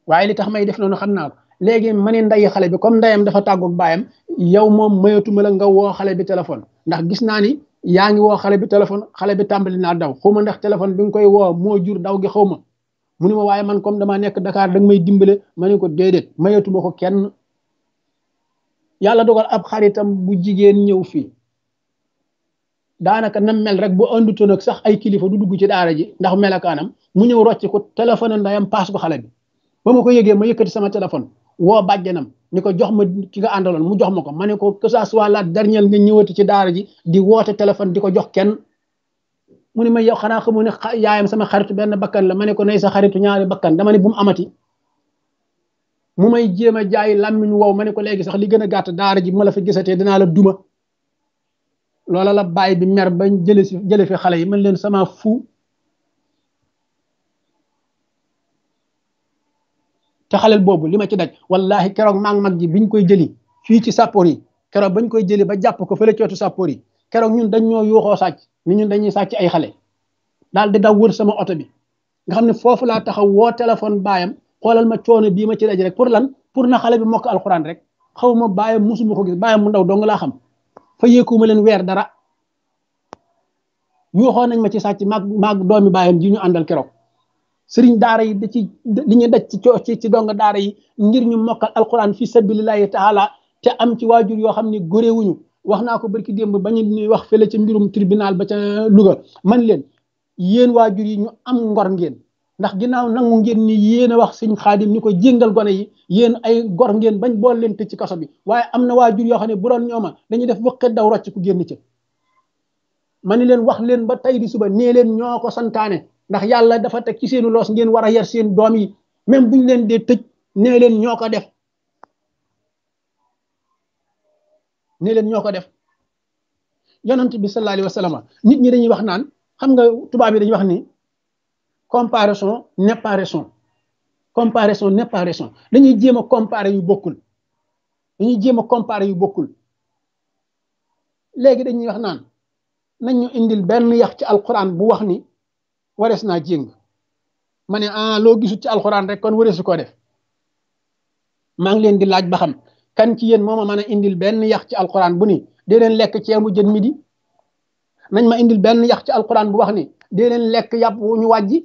waaye li tax may def noonu xam naa ko léegi ma ne xale bi comme ndeyam dafa tàggoog baayam yow moom mayatuma la nga woo xale bi téléphone ndax gis naa ni yaa ngi woo xale bi téléphone xale bi tàmbali naa daw xaw ma ndax téléphone bi nga koy woo moo jur daw gi xaw ma mu ne ma waaye man comme damaa nekk Dakar dag may dimbale ma ne ko déedéet mayatuma ko kenn yàlla dogal ab xaritam bu jigéen ñëw fii daanaka nam mel rek bu àndutoon ak sax ay kilifa du dugg ci daara ji ndax melakaanam mu ñëw rocc ko téléphone ndayam paas ko xale bi ba ma ko yëgee ma yëkkati sama téléphone woo bàjjanam ni ko jox ma ki nga àndaloon mu jox ma ko ma ne ko que ça soit la dernière nga ñëwati ci daara ji di woote téléphone di ko jox kenn mu ne ma yow xanaa xamu ne yaayam sama xaritu benn bakkan la ma ne ko nay sa xaritu ñaari bakkan dama ne bu mu amati mu may jéem a jaay làmmiñ wow ma ne ko léegi sax li gën a gàtt daar ji ma la fa gisatee dinaa la duma loola la baay bi mer bañ jële si fi xale yi man leen sama fu te xalel boobu li ma ci daj wallahi keroog maa mag ji biñ koy jëli fii ci sàppoor yi keroog bañ koy jëli ba jàpp ko fële cootu sàppoor yi keroog ñun dañ ñoo yuuxoo sàcc ni ñun dañuy sàcc ay xale daal di daw wër sama oto bi nga xam ne foofu laa taxaw woo téléphone baayam xoolal ma coono bii ma ci daj rek pour lan pour na xale bi mokk alxuraan rek xaw ma bàyyam musuma ko gis bàyyam mu ndaw dong laa xam fa yéeku ma leen weer dara yuuxoo nañ ma ci sàcc maag maag doomi baayam ji ñu àndal keroog sëriñ daara yi da ci li ñu daj ci ci dong daara yi ngir ñu mokkal alxuraan fi sabilillahi taala te am ci waajur yoo xam ni góréewuñu wax naa ko barki démb ba ñu wax fële ci mbirum tribunal ba ca Louga man leen yéen waajur yi ñu am ngor ngeen ndax ginnaaw nangu ngeen ni yéen a wax sëñ xaadim ni ko jéngal gone yi yéen ay gor ngeen bañ bool leen tëj ci kaso bi waaye am na waajur yoo xam ne bu doon ñooma dañuy def wëqet daw rocc ku génn ca ma ni leen wax leen ba tey di suba nee leen ñoo ko santaane ndax yàlla dafa teg ci seenu loos ngeen war a yar seen doom yi même buñ leen dee tëj nee leen ñoo ko def nee leen ñoo ko def yonent bi sallallahu alayhi wa nit ñi dañuy wax naan xam nga tubaab yi dañuy wax ni comparaison n'est pas raison comparaison n'est pas dañuy jéem a comparer yu bokkul dañuy jéem a comparer yu bokkul léegi dañuy wax naan nañ ñu indil benn yax ci alxuraan bu wax ni warees naa jéng ma ne ah loo gisul ci alxuraan rek kon wareesu koo def maa ngi leen di laaj ba xam kan ci yéen mooma mën a indil benn yax ci alxuraan bu ni dee leen lekk ceebu jën mi di nañ ma indil benn yax ci alxuraan bu wax ni dee lekk yàpp wu ñu wàjji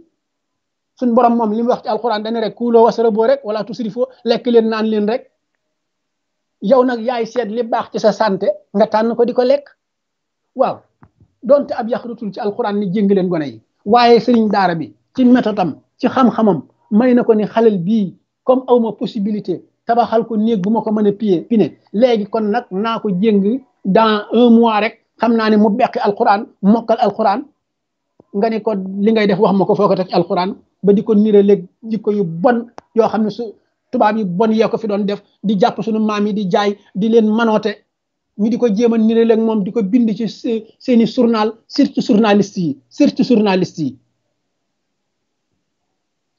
suñ borom moom li mu wax ci alquran dana rek kuuloo wasara boo rek wala tusrifoo lekk leen naan leen rek yow nag yaay seet li baax ci sa santé nga tànn ko di ko lekk waaw donte ab yàqarutul ci alquran ni jéng leen gone yi waaye sëriñ bi ci métodam ci xam-xamam may na ko ni xalal bii comme awma possibilité tabaxal ko néeg bu ko mën a pine léegi kon nag naa ko jéng dans un mois rek xam naa ne mu beqi alquran mokkal alquran nga ni ko li ngay def wax ma ko foo alquran ba di ko niraleeg jikko yu bon yoo xam ne su tubaab yi bon yee ko fi doon def di jàpp suñu maam yi di jaay di leen manoote ñu di ko jéem a niraleeg moom di ko bind ci seeni journal surtout journaliste yi surtout journaliste yi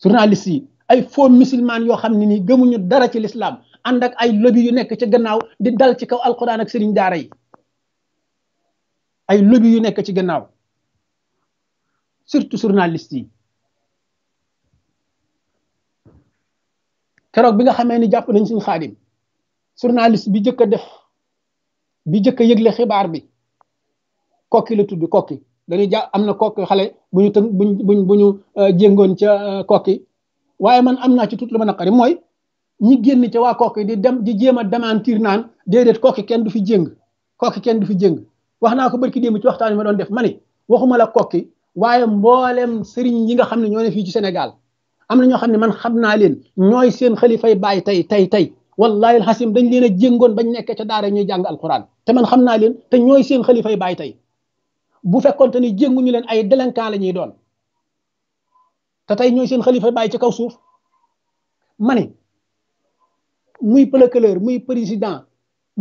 journaliste yi ay faux musulman yoo xam ne nii gëmuñu dara ci lislaam ànd ak ay lobby yu nekk ci gannaaw di dal ci kaw alquran ak sëriñ daara yi ay lobby yu nekk ci gannaaw surtout journaliste yi keroog bi nga xamee ni jàpp nañ suñ xaadim journaliste bi jëkk a def bi jëkk a xibaar bi kokki la tudd kokki dañuy jàpp am na kokki xale bu ñu tënk buñ buñ bu ñu euh, jéngoon ca euh, kokki waaye man am naa ci tuut lu ma naqari mooy ñi génn ca waa di dem di jéem a démentir naan déedéet kokki kenn du fi jëng kokki kenn du fi jëng wax naa ko barki démb ci waxtaan bi ma doon def ma ni waxuma la kokki waaye mboolem sëriñ yi nga xam ne ñoo ne fii ci Sénégal amna na ñoo xam man xamna naa leen ñooy seen xalifay bay tay tay tay wallahi alxasim dañ leena a jéngoon bañ nekk ci daara ñuy jàng alquran te man xamna naa leen te ñoy seen xalifay bay tay bu fekkonte ni ñu leen ay délinquant lañuy doon te tay ñoy seen xalifay bay ci kaw suuf mané muy plekeleur muy président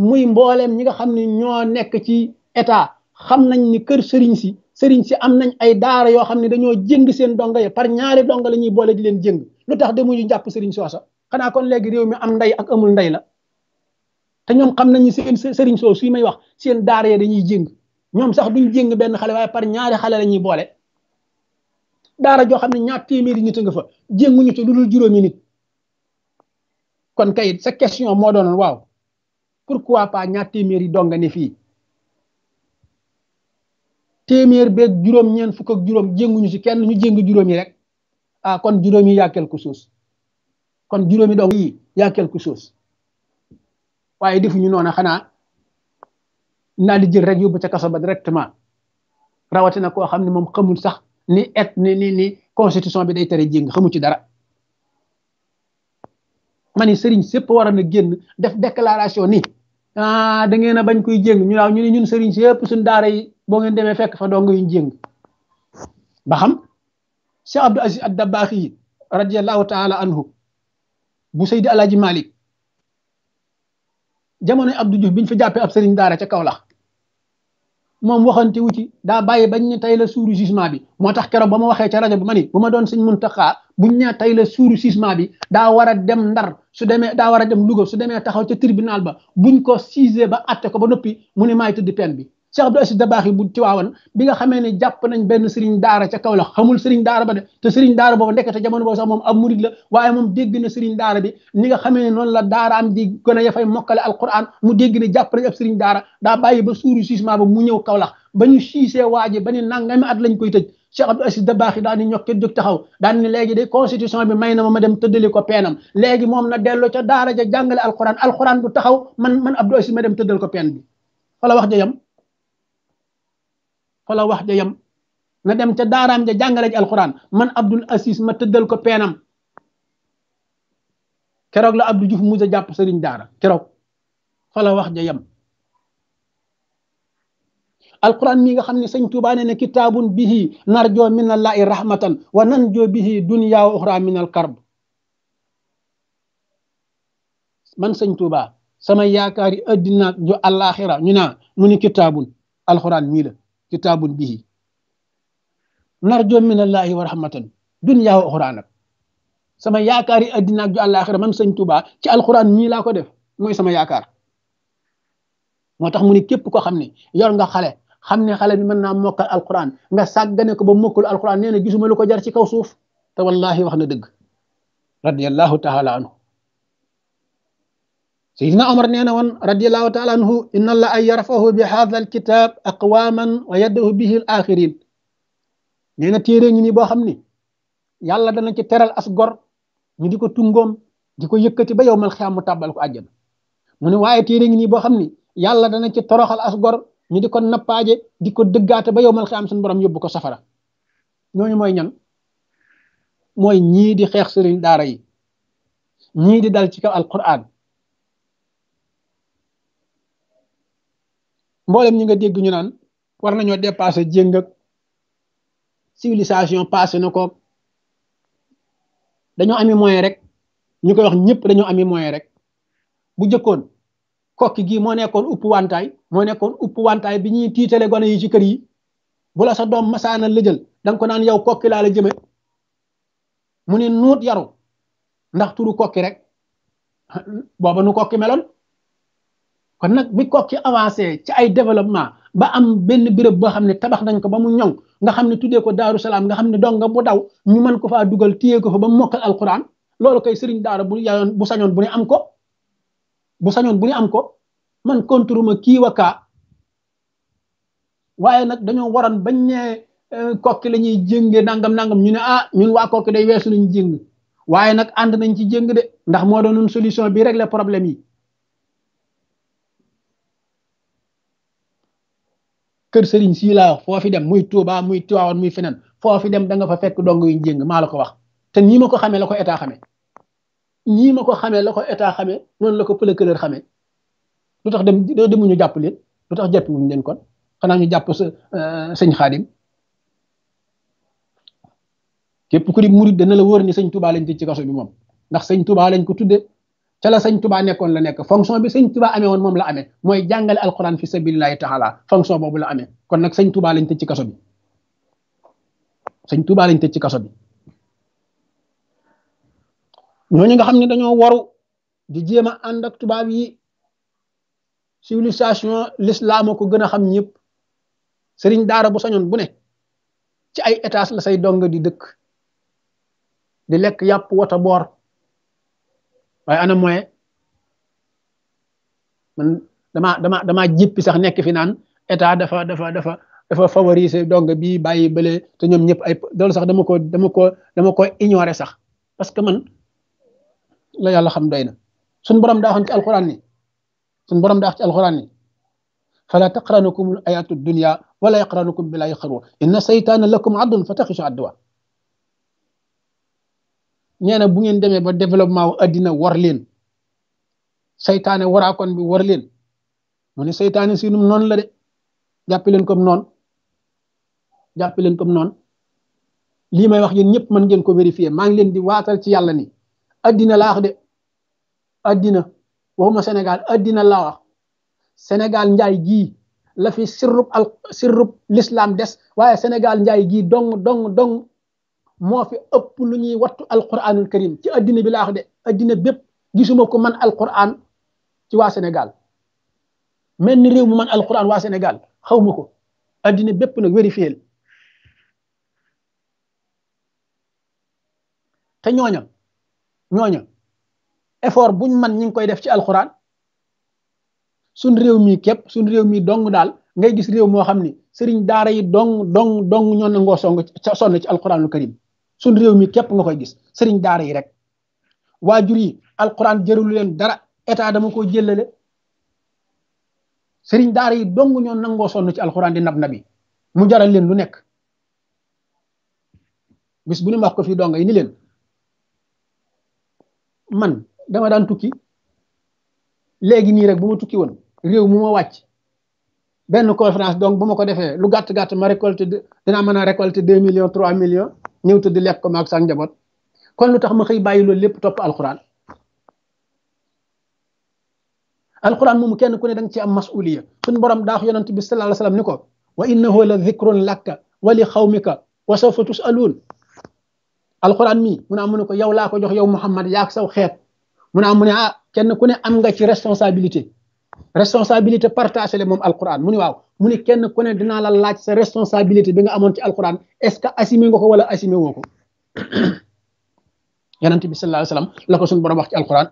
muy mbollem ñi nga xamni ne ñoo nekk ci état xam nañ ni kër serigne si sëriñ si am nañ ay daara yoo xam ne dañoo jëng seen donga ya par ñaari donga la ñuy boole di leen jëng lu tax demuñu jàpp sëriñ soosa xanaa kon léegi réew mi am ndey ak amul ndey la te ñoom xam nañu seen sëriñ soosu si may wax seen daara ya dañuy jëng ñoom sax du jëng benn xale waaye par ñaari xale la ñuy boole daara joo xam ne ñaar téeméeri nit a nga fa jënguñu ci lu dul juróomi nit kon kayit sa question moo doonoon waaw pour pas ñaar téeméeri donga fii téeméer beeg juróom-ñeent fukk ak juróom jénguñu ci kenn ñu jéng juróomi yi rek ah kon juróom yi yaa quelque chose kon juróomi dong yi yaa quelque chose waaye defuñu noonu xanaa naa di jël rek yóbbu ca kaso ba directement rawatina koo xam ne moom xamul sax ni et ni ni ni constitution bi day tare jéng xamu ci dara ma ni sëriñ sépp waroon a génn def déclaration ni ah da ngeen bañ koy jéng ñu naaw ñu ne ñun sëriñ sépp suñ daara yi. boo ngeen demee fekk fa dong yuñ jéng ba xam Cheikh Abdou Aziz ad baaxi yi radiyallahu taala anhu bu Seydi Alaaji Malik jamono Abdou Diouf biñ fi jàppee ab sëriñ daara ca Kaolack moom waxante wu ci daa bàyyi bañ ne tey la suuru jugement bi moo tax keroog ba ma waxee ca rajo bi ma ni bu ma doon sëñ Muntaxa bu ne tey la suuru jugement bi daa war dem ndar su demee daa war a dem Louga su demee taxaw ca tribunal ba buñ ko siisee ba atte ko ba noppi mu ne maay tëdd bi Cheikh Abdou assid dabakh bu Tiwaawan bi nga xamé ni jàpp nañ ben serigne daara ca kaw la xamul serigne daara ba de te serigne daara bobu nekata jamono bobu sax mom ab murid la waye mom dégg na serigne daara bi ni nga xamé ne noonu la daara am di gëna a yafay mokkale alquran mu dégg ni jàpp nañ ab serigne daara da bàyyi ba suru sisma ba mu ñëw kaw la ba ñu siisee waaji ba ne nangami at lañ koy tejj Cheikh Abdou assid dabakh da ni ñokke jóg taxaw da ni léegi de constitution bi mayna ma dem tëddali ko penam léegi mom na delloo ca daara ja jàngale alquran alquran du taxaw man man Abdou assid ma dem tëddal ko pen bi fa la wax de yam fa wax ja yem na dem te daaraam ja jàngale ci man Abdul Asis ma tëddal ko peenam keroog la Abdou Diouf mu a jàpp sëriñ daara keroog fa la wax ja yem alquran mi nga xam ne sëñ Tuubaa ne ne kitaabun bihi narjoo min allahi rahmatan wa nanjoo bihi dunya uxra min karb man sëñ Tuubaa sama yaakaari addina ju àllaaxira ñu naa mu ni kitaabun alquran mii la kitaabun bihi narjo minallahi wa rahmatan dunya wa uxraa nag sama yaakaari addina ak ju àllaaxira man sëñ Tuubaa ci alxuraan mii laa ko def mooy sama yaakaar moo tax mu ni képp ko xam ne yor nga xale xam ne xale bi mën naa mokkal alxuraan nga sàggane ko ba mokkul alxuraan nee na gisuma lu ko jar ci kaw suuf te wallahi wax na dëgg radiyallahu taala anhu sayidna omar nee na woon radiallahu taala anhu inna allah ay yarfahu bi hadha al kitab aqwaman wa yaddahu bihi al axirin nee na téere ngi ni boo xam ni yàlla dana ci teral as gor ñu di ko tungoom di ko yëkkati ba yow mal xiyaam mu tàbbal ko àjjana mu ne waaye téere ngi nii boo xam ni yàlla dana ci toroxal as gor ñu di ko nappaaje di ko dëggaate ba yow mal xiyaam suñu borom yóbbu ko safara ñooñu mooy ñan mooy ñii di xeex sëriñ daara yi ñii di dal ci kaw alquran mboolem ñu nga dégg ñu naan war nañoo dépassé jéng ak civilisation passé na ko dañoo ami moyen rek ñu koy wax ñëpp dañoo ami moyen rek bu jëkkoon kokki gi moo nekkoon upp wantaay moo nekkoon upp wantaay bi ñuy tiitalee gone yi ci kër yi bu la sa doom na la jël danga ko naan yow kokki laa la jëme mu ne nuut yaru ndax turu kokki rek booba nu kokki meloon kon nag bi kook ci avancé ci ay développement ba am benn béréb boo xam ne tabax nañ ko ba mu ñoŋ nga xam ne tuddee ko daaru salaam nga xam ne dong nga bu daw ñu mën ko faa dugal téye ko fa ba mu mokkal alquran loolu koy sëriñ daara bu yayoon bu sañoon bu ne am ko bu sañoon bu ne am ko man contre ma kii waka waaye nag dañoo waroon bañ ne eh, kokki la ñuy jéngee nangam nangam ñu ne ah ñun waa kokki day weesu lañu jëng waaye nag ànd nañ ci jéng de ndax moo doon solution bi régler problème yi kër sëriñ sii laa foo fi dem muy Touba muy Tiwaawan muy fenen foo fi dem da nga fa fekk dong yu jéng maa la ko wax te nii ma ko xamee la ko état xamee nii ma ko xamee la ko état xamee noonu la ko procureur xamee lu tax dem demuñu jàpp leen lu tax jàppiwuñu leen kon xanaa ñu jàpp sa euh, sëñ ke képp ku di murid dana la woor ni sëñ Touba lañ tëj ci kaso bi moom ndax sëñ Touba lañ ko tudde ca la seigne touba nekkon la nekk fonction bi seigne touba amé won mom la amé moy jangal alquran fi sabilillahi taala fonction bobu la amé kon nak seigne touba lañ ci kasso bi seigne touba lañ tëj ci kasso bi ñoo nga xamni dañoo waru di jema and ak touba bi civilisation l'islam ko gëna xam ñepp sëriñ daara bu sañon bu ne ci ay étage la say dong di dëkk di lek yap wata bor waaye ana moyen man damaa dama damaa jippi sax nekk fi naan état dafa dafa dafa dafa favoriser dong bii bàyyi bële te ñoom ñëpp ay loolu sax dama ko dama ko dama ko ignorer sax parce que man la yàlla xam doy na suñ borom daa waxoon ci alxuraan ni suñ borom daa wax ci alxuraan ni fala taqranukum al ayatu dunya wala yaqranukum bilaahi xarwa inna seytaana lakum adun fa taxishu adwa nee na bu ngeen demee ba développement wu addina war leen saytaane waraakoon bi war leen mu ne saytaane si num la de jàpp leen comme noonu jàpp leen comme noonu lii may wax yéen ñëpp man ngeen ko vérifier maa ngi leen di waatal ci yàlla ni addina laa wax de addina waxuma Sénégal addina laa wax senegal njaay gii la fi sirrub al sirrub l'islam des waaye Sénégal njaay gii dong dong dong moo fi ëpp lu ñuy wattu alquranul karim ci addina bi laa wax de addina bépp gisuma ko man alquran ci waa Sénégal mel ni réew mu man alquran waa Sénégal xawma ko addina bépp nag vérifié te ñooña ñooña effort buñ man ñi ngi koy def ci alquran suñ réew mi képp suñ réew mi dong daal ngay gis réew moo xam ni sëriñ daara yi dong dong dong ñoo nangoo song sonn ci alquranul karim suñ réew mi képp nga koy gis sëriñ daara yi rek waajur yi alquran jërulu leen dara état dama ko jëlale sëriñ daara yi dong ñoo nangoo sonn ci alxuraan di nab nabi mu jaral leen lu nekk bis bu ñu wax ko fii donga yi ni leen man dama daan tukki léegi nii rek bu ma tukki woon réew mu ma wàcc benn conférence donc bu ma ko defee lu gàtt gàtt ma récolté dinaa mën a récolté deux millions trois millions ñëw tëdd lekk ko ma ak sa njaboot kon lu tax ma xëy bàyyi loolu lépp topp alxuraan alxuraan moomu kenn ku ne da nga ci am masuliya suñu borom daax yonent bi sallallahu alayhi wasallam ni ko wa innahu la dhikrun lakka wa li xawmika wa sawfa tusaluun alxuraan mii mu ne ah mu ne ko yow laa ko jox yow Muhammad yaak saw xeet mu ne ah mu ne ah kenn ku ne am nga ci responsabilité responsabilité partagée la moom alquran mu ni waaw mu ni kenn ku ne dinaa la laaj sa responsabilité bi nga amoon ci alquran est-ce que assumé nga ko wala assumé woo ko *coughs* yonent bi sallallahu alayhi wasallam la ko suñu borom wax ci alquran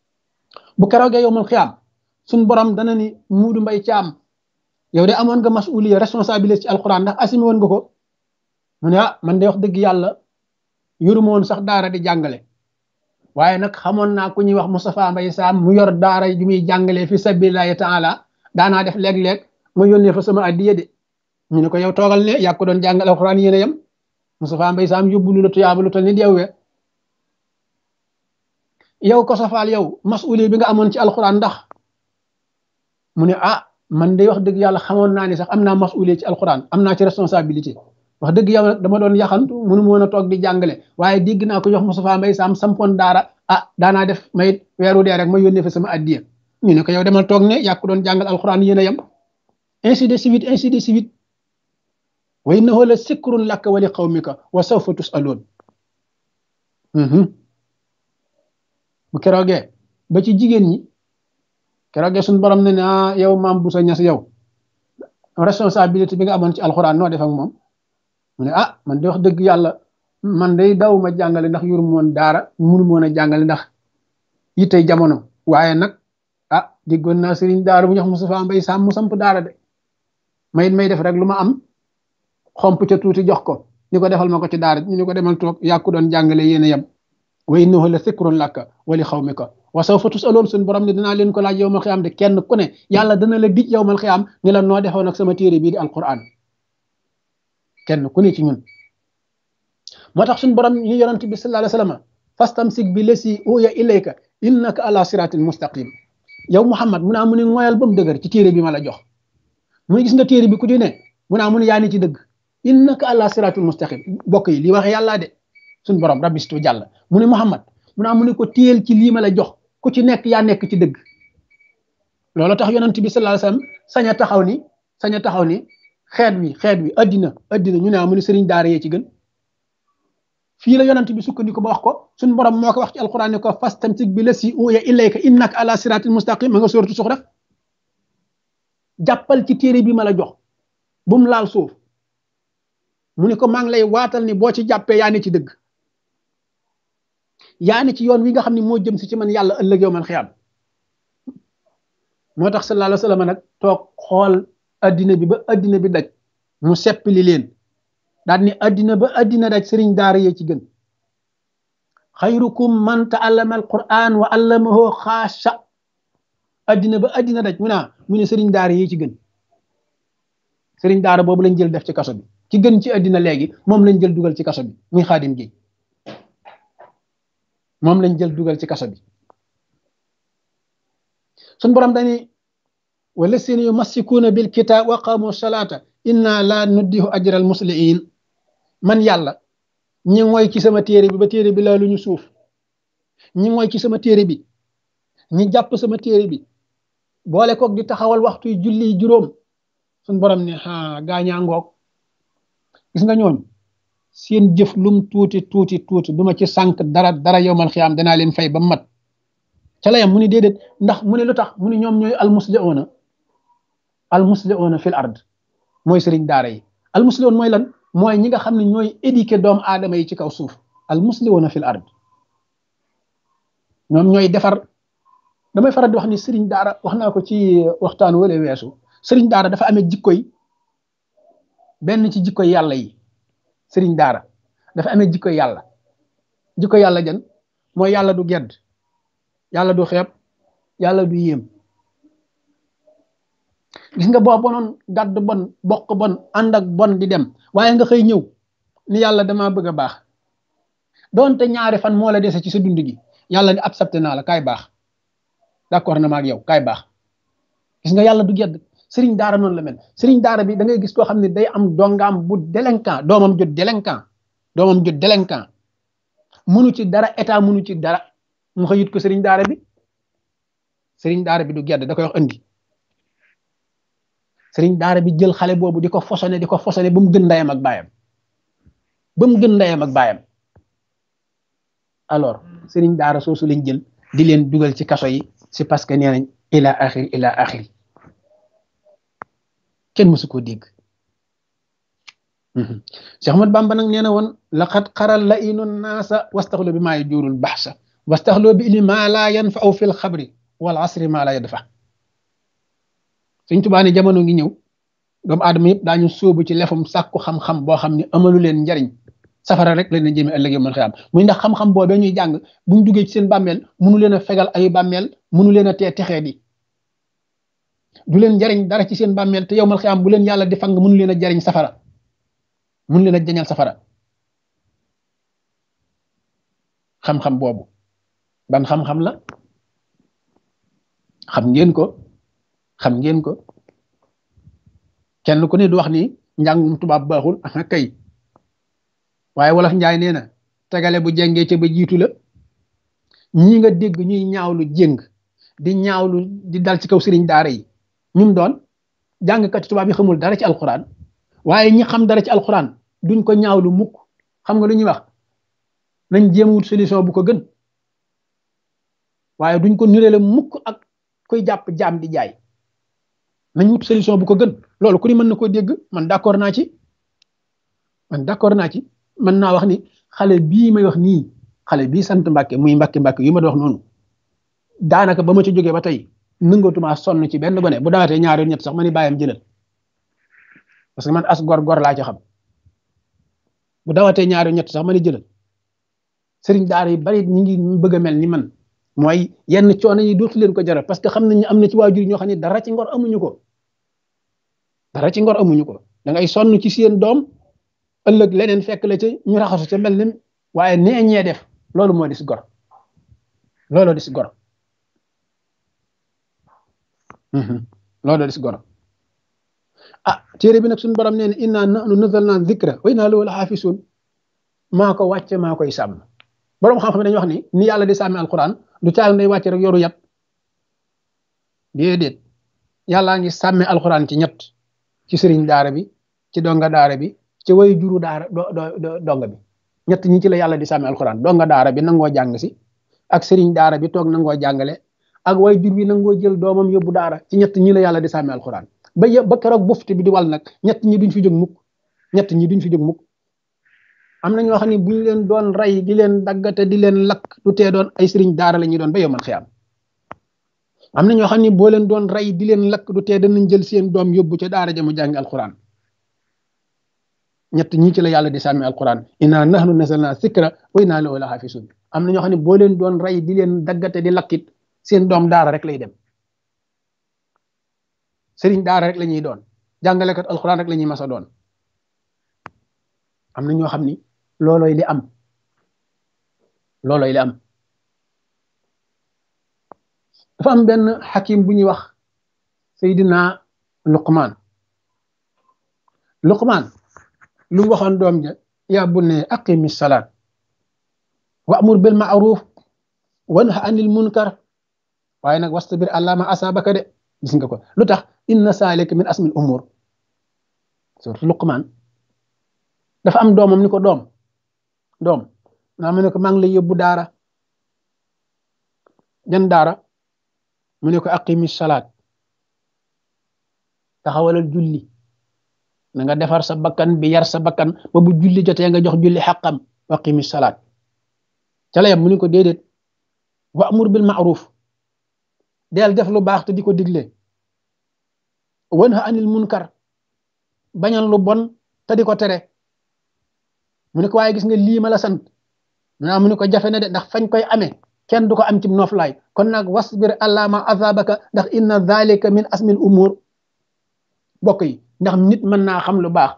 *coughs* bu keroogee yowmal xiyaam suñu borom dana ni muudu mbay caam yow de amoon nga masuliya responsabilité ci alquran ndax assumé woon nga ko mu ne ah man de wax dëgg yàlla yoruma woon sax daara di jàngale waaye nag xamoon naa ku ñuy wax Moustapha Mbaye Sam mu yor daara ju muy jàngalee fi sabilillahi taala daanaa def léeg-léeg mu yónnee fa sama addiya de ñu ne ko yow toogal ne yaa ko doon jàngal alxuraan yéen a yem Moustapha Mbaye Sam yóbbu lu la to lu tal nit yow we yow ko safaal yow masuuli bi nga amoon ci alxuraan ndax mu ne ah man day wax dëgg yàlla xamoon naa ne sax am naa masuuli ci alxuraan am naa ci responsabilité wax dëgg yow nag dama doon yaxantu mënu ma woon a toog di jàngale waaye dégg naa ko jox Moustapha Mbaye Sam sampoon daara ah daanaa def may weeru dee rek ma yónnee fa sama addiya ñu ne ko yow demal toog ne yaa doon jàngal alxuraan yéen a yem ainsi de suite ainsi de suite wa innahu la sikrun laka wa li qawmika wa sawfa tusaloon mhm. bu keroogee ba ci jigéen ñi keroogee suñu borom ne ne ah, yow maam bu sa ñas yow responsabilité bi nga amoon ci alxuraan noo def ak moom mu ne ah man de wax dëgg yàlla man day daw ma jàngale ndax yuru moon daara munu moon a jàngale ndax yittey jamono waaye nag a ah, déggoon na sëriñ daara bu ñox Moustapha Mbaye Sam mu samp daara de mayit may def rek lu ma am xomp tuuti jox ko ni ko defal ma ko ci daara ñu ni ko demal toog yàkku doon yéen a yem wa innahu la sikrun laka wa li xawmika wa sawfa tusaloon suñ ne dinaa leen ko laaj yow mal xiyaam de kenn ku ne yàlla dana la dij yow mal xiyaam ni la noo defoon ak sama téere bii di alquran kenn ku ne ci ñun moo tax suñu borom ñu yonent bi sallallahu alayhi wa sallam fastamsik bi lesi uya ilayka innaka ala siratin mustaqim yow Muhammad mu naa mu ne ngoyal ba mu dëgër ci téere bi ma la jox mu gis nga téere bi ku ci ne mu naa mu ne yaa ni ci dëgg innaka ala siratin mustaqim bokk yi li wax yàllaa de suñu borom rabbistu jàll mu ne Muhammad mu naa mu ne ko téyel ci lii ma la jox ku ci nekk yaa nekk ci dëgg loolu tax yonent bi sallallahu alayhi wa sallam sañ a taxaw ni sañ a taxaw ni xeet wi xeet wi addina addina ñu ne ah mu ne sëriñ daara yee ci gën fii la yonent bi sukkandiku ba wax ko suñu borom moo ko wax ci alquran ne ko fastamsik bi lasi uya ilayka innaka ala siratin mustaqim ma nga sóoratu suxraf jàppal ci téere bi ma la jox bu mu laal suuf mu ne ko maa ngi lay waatal ni boo ci jàppee yaa ne ci dëgg yaa ne ci yoon wi nga xam ni moo jëm si ci man yàlla ëllëg yow man xiyaam moo tax sallallahu alayhi wa sallam nag toog xool. addina bi ba addina bi daj mu seppali leen daal ni addina ba addina daj sëriñ daara yee ci gën xayrukum man taallama alquran wa allamahu xaasa addina ba addina daj mu naa mu ne sëriñ daara yee ci gën sëriñ daara boobu lañ jël def ci kaso bi ki gën ci addina léegi moom lañ jël dugal ci kaso bi muy xaadim gi moom lañ jël dugal ci kaso bi suñ borom dañuy wallasina yumassikuuna bil kitaab wa qaamu salaata inna laa nuddihu ajral musliin man yàlla ñi mooy ci sama téere bi ba téere bi laa lu ñu suuf ñi mooy ci sama téere bi ñi jàpp sama téere bi boole koog di taxawal waxtu yu julli juróom suñ borom ne a gaañaa ngoog gis nga ñooñ seen jëf lum tuuti tuuti tuuti duma ci sànq dara dara yowmal xiyaam danaa leen fay ba mat ca layam mu ni déedéet ndax mu ne lu tax mu ni ñoom ñooy almusliuuna almuslihuuna fil ard mooy sëriñ daara yi almuslihuun mooy lan mooy ñi nga xam ne ñooy éduquer doomu aadama yi ci kaw suuf almuslihuuna fil ard ñoom ñooy defar damay fara di wax ni sëriñ daara wax naa ko ci waxtaan wala weesu sëriñ daara dafa amee jikkoy benn ci jikkoy yàlla yi sëriñ daara dafa amee jikkoy yàlla jikko yàlla jan mooy yàlla du gedd yàlla du xeeb yàlla du yéem gis nga boo gàdd bon bokk bon ànd ak bon di dem waaye nga xëy ñëw ni yàlla damaa bëgg a baax doonte ñaari fan moo la dese ci sa dund gi yàlla ne accepté naa la kaay baax d'accord na ma ak yow kaay baax gis nga yàlla du gedd sëriñ daara noonu la mel sëriñ daara bi dangay gis koo xam ne day am dongaam bu délinquant doomam jot délinquant doomam jot délinquant mënu ci dara état mënu ci dara mu xëyit ko sëriñ daara bi sëriñ daara bi du gedd da koy wax andi sëriñ daara bi jël xale boobu di ko fosone di ko fosone ba mu gën ndayam ak baayam ba mu gën ndayam ak baayam alors sëriñ daara soosu lañ jël di leen dugal ci kaso yi c'est parce que nee nañ ila axir ila axir kenn mësu koo dégg cheikh ahmad bamba nag nee na woon laqad xaral la inu naasa wastaxlo bi maa yujuurul baxsa wastaxlo bi ili maa laa yanfau fi lxabri wal asri maa laa yadfa Sëñ Tuubaa ne jamono ngi ñëw doomu aadama yëpp daañu sóobu ci lefum sàkku xam-xam boo xam ne amalu leen njariñ safara rek leen jëmee ëllëg yawmal xiyaam muy ndax xam-xam boobee jàng buñ duggee ci seen bàmmeel mënu leen a fegal ayu bàmmeel mënu leen a tee texee di du leen njariñ dara ci seen bàmmeel te yawmal xiyaam bu leen yàlla di fang munu leen a jariñ safara mënu leen a jañal safara xam-xam boobu ban xam-xam la xam ngeen ko xam ngeen ko kenn ku ne du wax ni njàngum tubaab baaxul ah kay waaye wolof njaay nee na tegale bu jengee ca ba jiitu la ñii nga dégg ñuy ñaawlu jéng di ñaawlu di dal ci kaw sëriñ daara yi ñum doon jàngkati tubaab yi xamul dara ci alxuraan waaye ñi xam dara ci alxuraan duñ ko ñaawlu mukk xam nga lu ñuy wax nañ jéem solution bu ko gën waaye duñ ko nirale mukk ak koy jàpp jaam di jaay nañ wut solution bu ko gën loolu ku mën na koo dégg man naa ci man d'accord naa ci mën naa wax ni xale bii may wax nii xale bii sant Mbàkke muy Mbàkke Mbàkke yu ma doon wax noonu daanaka ba ma ci jógee ba tey nangatuma sonn ci benn gone bu dawatee ñaar yoon sax ma ni bàyyam jëlal parce que man as gor gor laa ci xam dawatee ñaar ñett sax ma ni jëlal sëriñ daara yi bari ñu ngi bëgg mel ni man mooy yenn coono yi dootu ko jaral parce que xam nañ ne am na ci waajur ñoo xam ne dara ci ngor amuñu ko dara ci ngor amuñu ko dangay ngay ci seen doom ëllëg leneen fekk la ci ñu raxasu ci mel ni waaye nee ñee def loolu moo di si gor looloo di si gor mhm. looloo di si gor ah, bi nag suñu borom nee na innaa nahnu nazzalnaa zikra wa innaa lahu lahaafizuun maa ko wàcce maa koy sàmm borom xam-xam dañuy wax ni ni yàlla di sàmmi alquran du caag day wàcce rek yoru yat déedéet yàllaa ngi sàmme alquran ci ñett ci sëriñ daara bi ci donga daara bi ci way juru daara donga bi ñett ñi ci la yàlla di sàmmi alxuraan donga daara bi nangoo jàng si ak sëriñ daara bi toog nangoo jàngale ak way jur bi nangoo jël doomam yóbbu daara ci ñett ñi la yàlla di sàmmi alxuraan ba ba keroog bufti bi di wal nag ñett ñi duñ fi jóg mukk ñett ñi duñ fi jóg muk am na ñoo xam ne bu ñu leen doon rey di leen daggate di leen lakk du tee doon ay sëriñ daara la ñuy doon ba yow man xiyam am na ñoo xam ne boo leen doon rey di leen lakk du tee danañ jël seen doom yóbbu ca daara ja mu jàngi alquran ñett ci la yàlla di sàmmi alquran inna nahnu nasalna sikra wa inna lahu la xaafisun am na ñoo xam ne boo leen doon rey di leen daggate di lakkit seen doom daara rek lay dem sëriñ daara rek la ñuy doon jàngalekat alquran rek la ñuy mas a doon am na ñoo xam ni loolooy li am loolooy li am dafa am benn xakim bu ñuy wax Lukman, Luqman Luqman lu mu waxoon doom ja yaa bunne aqimi salat wa bil ma'ruf wanha anil munkar waaye nag wastabir allama asabaka de gis nga ko lu tax inna saalik min asmi umur sur Luqman dafa am doomam ni ko doom doom naa mu ne ko maa lay yóbbu daara jan daara mu ne ko aqimi salat taxawalal julli na nga defar sa bakkan bi yar sa bakkan ba bu julli jotee nga jox julli xaqam aqimi salat ca mu ne ko dedet wa amur bil ma'ruf del def lu bax te diko diglé wanha anil munkar bañal lu bon te diko téré mu ne ko waaye gis nga lii ma la sant mu ne ko jafé na de ndax fañ koy amé كان دوكو ام تي نوف لاي كون نك واصبر الا ما عذابك داخ ان ذلك من اسم الامور بوكي داخ نيت من نا خم لو باخ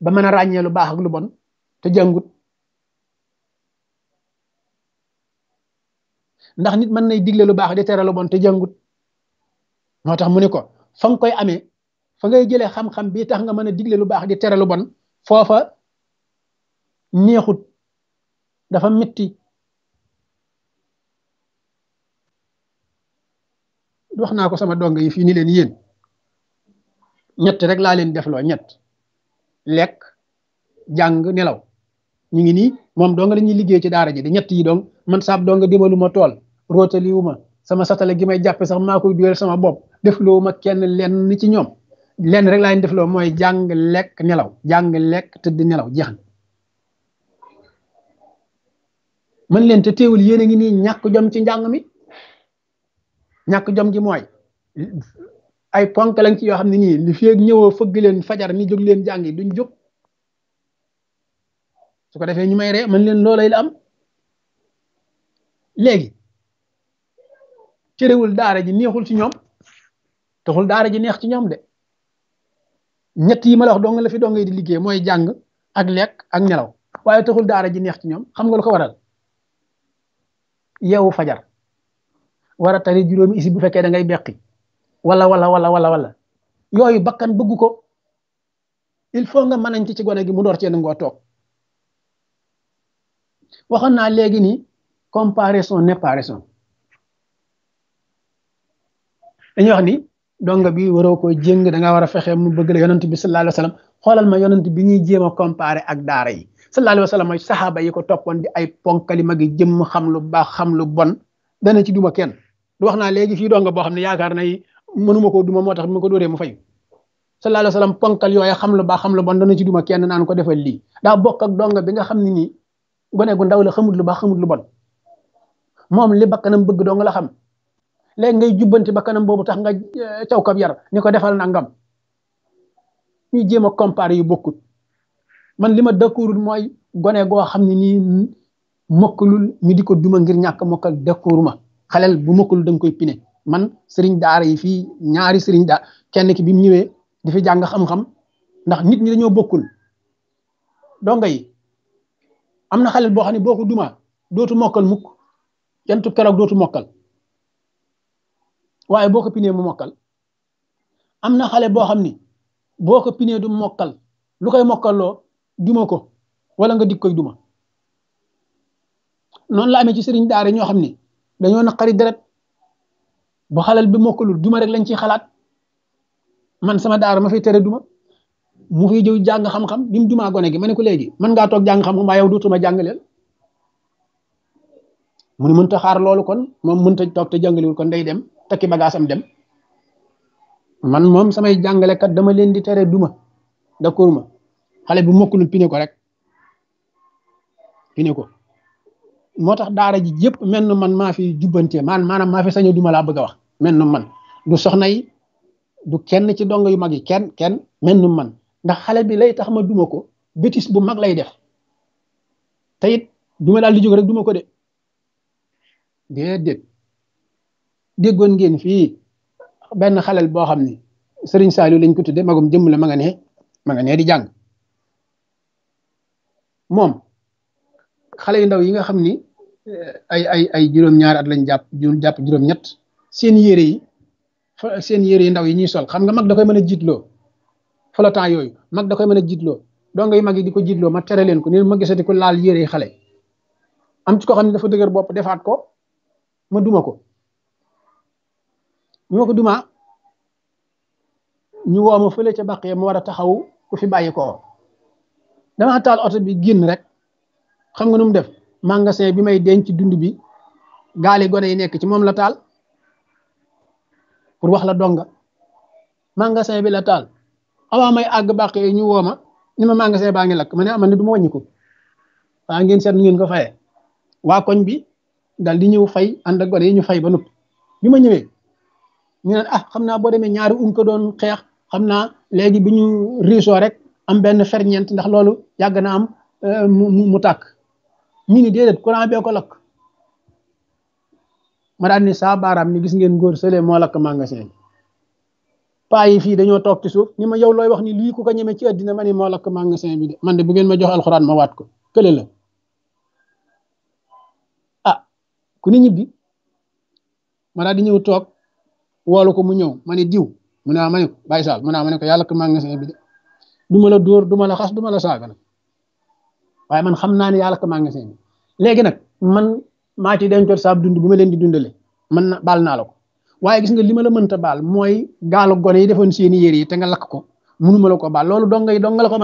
با مانا راني لو باخ لو بون تا جانغوت داخ نيت من ناي ديغل لو باخ دي تيرا لو بون تا جانغوت موتاخ موني كو فان كوي امي فا غاي جيلي خم خم بي تاخ nga مانا ديغل لو باخ دي تيرا لو بون فوفا نيهوت dafa metti wax naa ko sama dong yi fii ni leen yéen ñett rek laa leen defloo ñett lekk jàng nelaw ñu ngi nii moom dong la ñuy liggéey ci daara ji di ñett yi dong man saab dong dimalu ma tool rootaliwu sama satale gi may jàppe sax maa koy duwel sama bopp deflo ma kenn lenn ci ñoom lenn rek laa leen defloo mooy jàng lekk nelaw jàng lekk tëdd nelaw jeex na man leen te teewul yéen a ngi nii ñàkk jom ci njàng mi ñàkk jom ji mooy ay ponk lañ ci yoo xam ne nii li fi ñëwoo fëgg leen fajar ni jóg leen jàngi duñ jóg su ko defee ñu may ree mën leen loolay la am léegi cërewul daara ji neexul ci ñoom taxul daara ji neex ci ñoom de ñett yi ma la dong la fi dong di liggéey mooy jàng ak lekk ak nelaw waaye taxul daara ji neex ci ñoom xam nga lu ko waral yow fajar wara tari juróomi isi bu fekke da ngay bekk wala wala wala wala wala yooyu bakkan bëgg ko il faut nga manan ci ci gone gi mu dor ci nangoo tok waxoon naa ni comparaison n'est pas raison dañ wax ni donga bi waroo ko jeng da nga wara fexé mu bëgg la yonnati bi sallallahu alayhi wasallam xolal ma yonnati bi ñi jema comparer ak daara yi sallallahu alaihi wasallam moy sahaba yi ko topon di ay ponkali magi jëm xam lu baax xam lu bon dana ci duma kenn du waxna legi fi do nga bo xamni yaakar mënuma ko duma motax ko mu fay sallallahu alaihi wasallam ponkal yoy xam lu baax xam lu bon dana ci duma kenn nan ko defal li da bok ak donga bi nga xamni ni gone gu ndaw la xamul lu baax xamul lu bon mom li bakkanam bëgg nga la xam leg ngay jubanti bakkanam bobu tax nga eh, ciow kab yar ni defal nangam ñu jema compare yu bokut man li ma dëkkuwul mooy gone goo xam ne nii mokkalul ñu di ko duma ngir ñàkk mokkal dëkkuwul ma xaleel bu mokkalul da koy pine man sëriñ daara yi fii ñaari sëriñ daara kenn ki bi mu ñëwee dafa jàng xam-xam ndax nit ñi dañoo bokkul donga yi am na xaleel boo xam ne boo ko dumaa dootu mokkal mukk jantu keroog dootu mokkal waaye boo ko pinee mu mokkal am na xale boo xam ni boo ko pinee du mokkal lu koy mokkaloo duma ko wala nga dik koy duma noonu laa amee ci sëriñ daara ñoo xam ni dañoo naqari deret bu xalal bi mokkalul duma rek lañ ciy xalaat man sama daara ma fay tere duma mu fiy jëw jàng xam-xam bi mu gi ma ne ko léegi mën toog jàng xam-xam waaye yow dootuma jàngaleel mu xaar loolu kon moom mënta toog te jàngaliwul kon day dem takki bagaasam dem man moom samay jàngalekat dama leen di tere duma d'accord ma xale bi mokkulul pine ko rek pine ko moo tax daara ji yëpp mel nu man maa fi jubbantee man maanaam maa fi saño duma laa bëgg wax mel na man du soxna yi du kenn ci dongo yu mag yi kenn kenn mel na man ndax xale bi lay tax ma duma ko bitis bu mag lay def te it duma daal di jóg rek duma ko de déedéet déggoon ngeen fii benn xalel boo xam ni sëriñ Saliou lañ ko tudde magum jëmm la magane nga di jàng moom xale yu ndaw yi nga xam ni eh, ay ay ay juróom-ñaari at lañ jàpp jàpp juróom-ñett seen yére yi seen yére yi ndaw yi ñuy sol xam nga mag da koy mën a jiitloo flottant yooyu mag da koy mën a jiitloo doo ngay mag yi di ko jiitloo ma tere leen ko ni ma gisati ko laal yére yi xale am ci ko xam ne dafa dëgër bopp defaat ko ma duma ko ñu ma ko duma ñu woo ma fële ca bàqee ma war a taxaw ku fi bàyyi ko dama taal auto bi gin rek xam nga num def magasin bi may denc dund bi gaali gone yi nekk ci moom la taal pour wax la donga magasin bi la taal awa may ag bàq ñu woma ni ma magasin baa ngi lakk mané ne ah, man duma du ma ngeen seet ngeen ko fayé wa koñ bi dal di ñew fay and ak gone yi ñu fay ba nupp ma ñu nan ah xamna na démé ñaari um ko doon xex xamna légui biñu riso rek am benn ferñeent ndax loolu yàgg na am euh, mu mu tàkk ñi ni déedéet courant bee ko lakk ma daan ni saa baaraam ni gis ngeen góor sële moo lakk magasin paa yi fii dañoo toog ci suuf ni ma yow looy wax ni lii ku ko ñeme ci àddina ma ni moo lakk magasin bi de man de bu ngeen ma jox alxuraan ma waat ko kële la ah ku ni ñibbi ma daal di ñëw toog woolu ko mu ñëw ma ne diw mu ne ah, ma ne ko bàyyi mu ne ah, ma ne ko yàlla ko magasin bi de duma la dumala duma la xas duma la saaga nag man xamna ni yalla ko mangi seen legi nak man mati ci dencoon sa dund bu ma di dundale man na lako waye gis nga lima la meunta bal moy galu gone yi defon seen yére yi te nga lakk ko munuma lako bal lolou loolu dong ko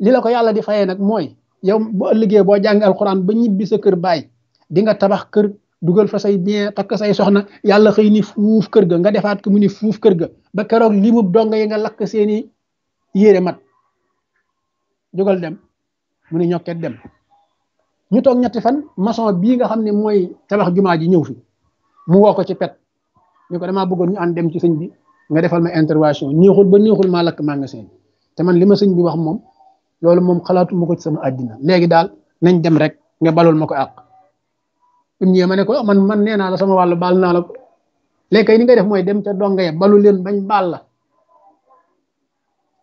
li lako yalla di fayé nak moy yow bo ligé bo jang alxuraan ba ñibbi sa kër bay di nga tabax kër dugal fa say bien tak say soxna yalla xey ni fuf kër ga nga defaat ko mu ni fuf kër ga ba kérok limu mu nga lakk seeni yére mat jógal dem mu ni ñokket dem ñu toog ñetti fan maçon bii nga xam ne mooy tabax jumaa ji ñëw fi mu woo ko ci pet ñu ko damaa bëggoon ñu ànd dem ci sëñ bi nga defal ma intervention néexul ba néexul maa lakk magasin bi te man li ma sëñ bi wax moom loolu moom xalaatu ma ko ci sama àddina léegi daal nañ dem rek nga balul ma ko àq bi mu ma ne ko man man nee naa la sama wàllu baal naa la ko léegi kay ni nga def mooy dem ca donga ya balu leen bañ baal la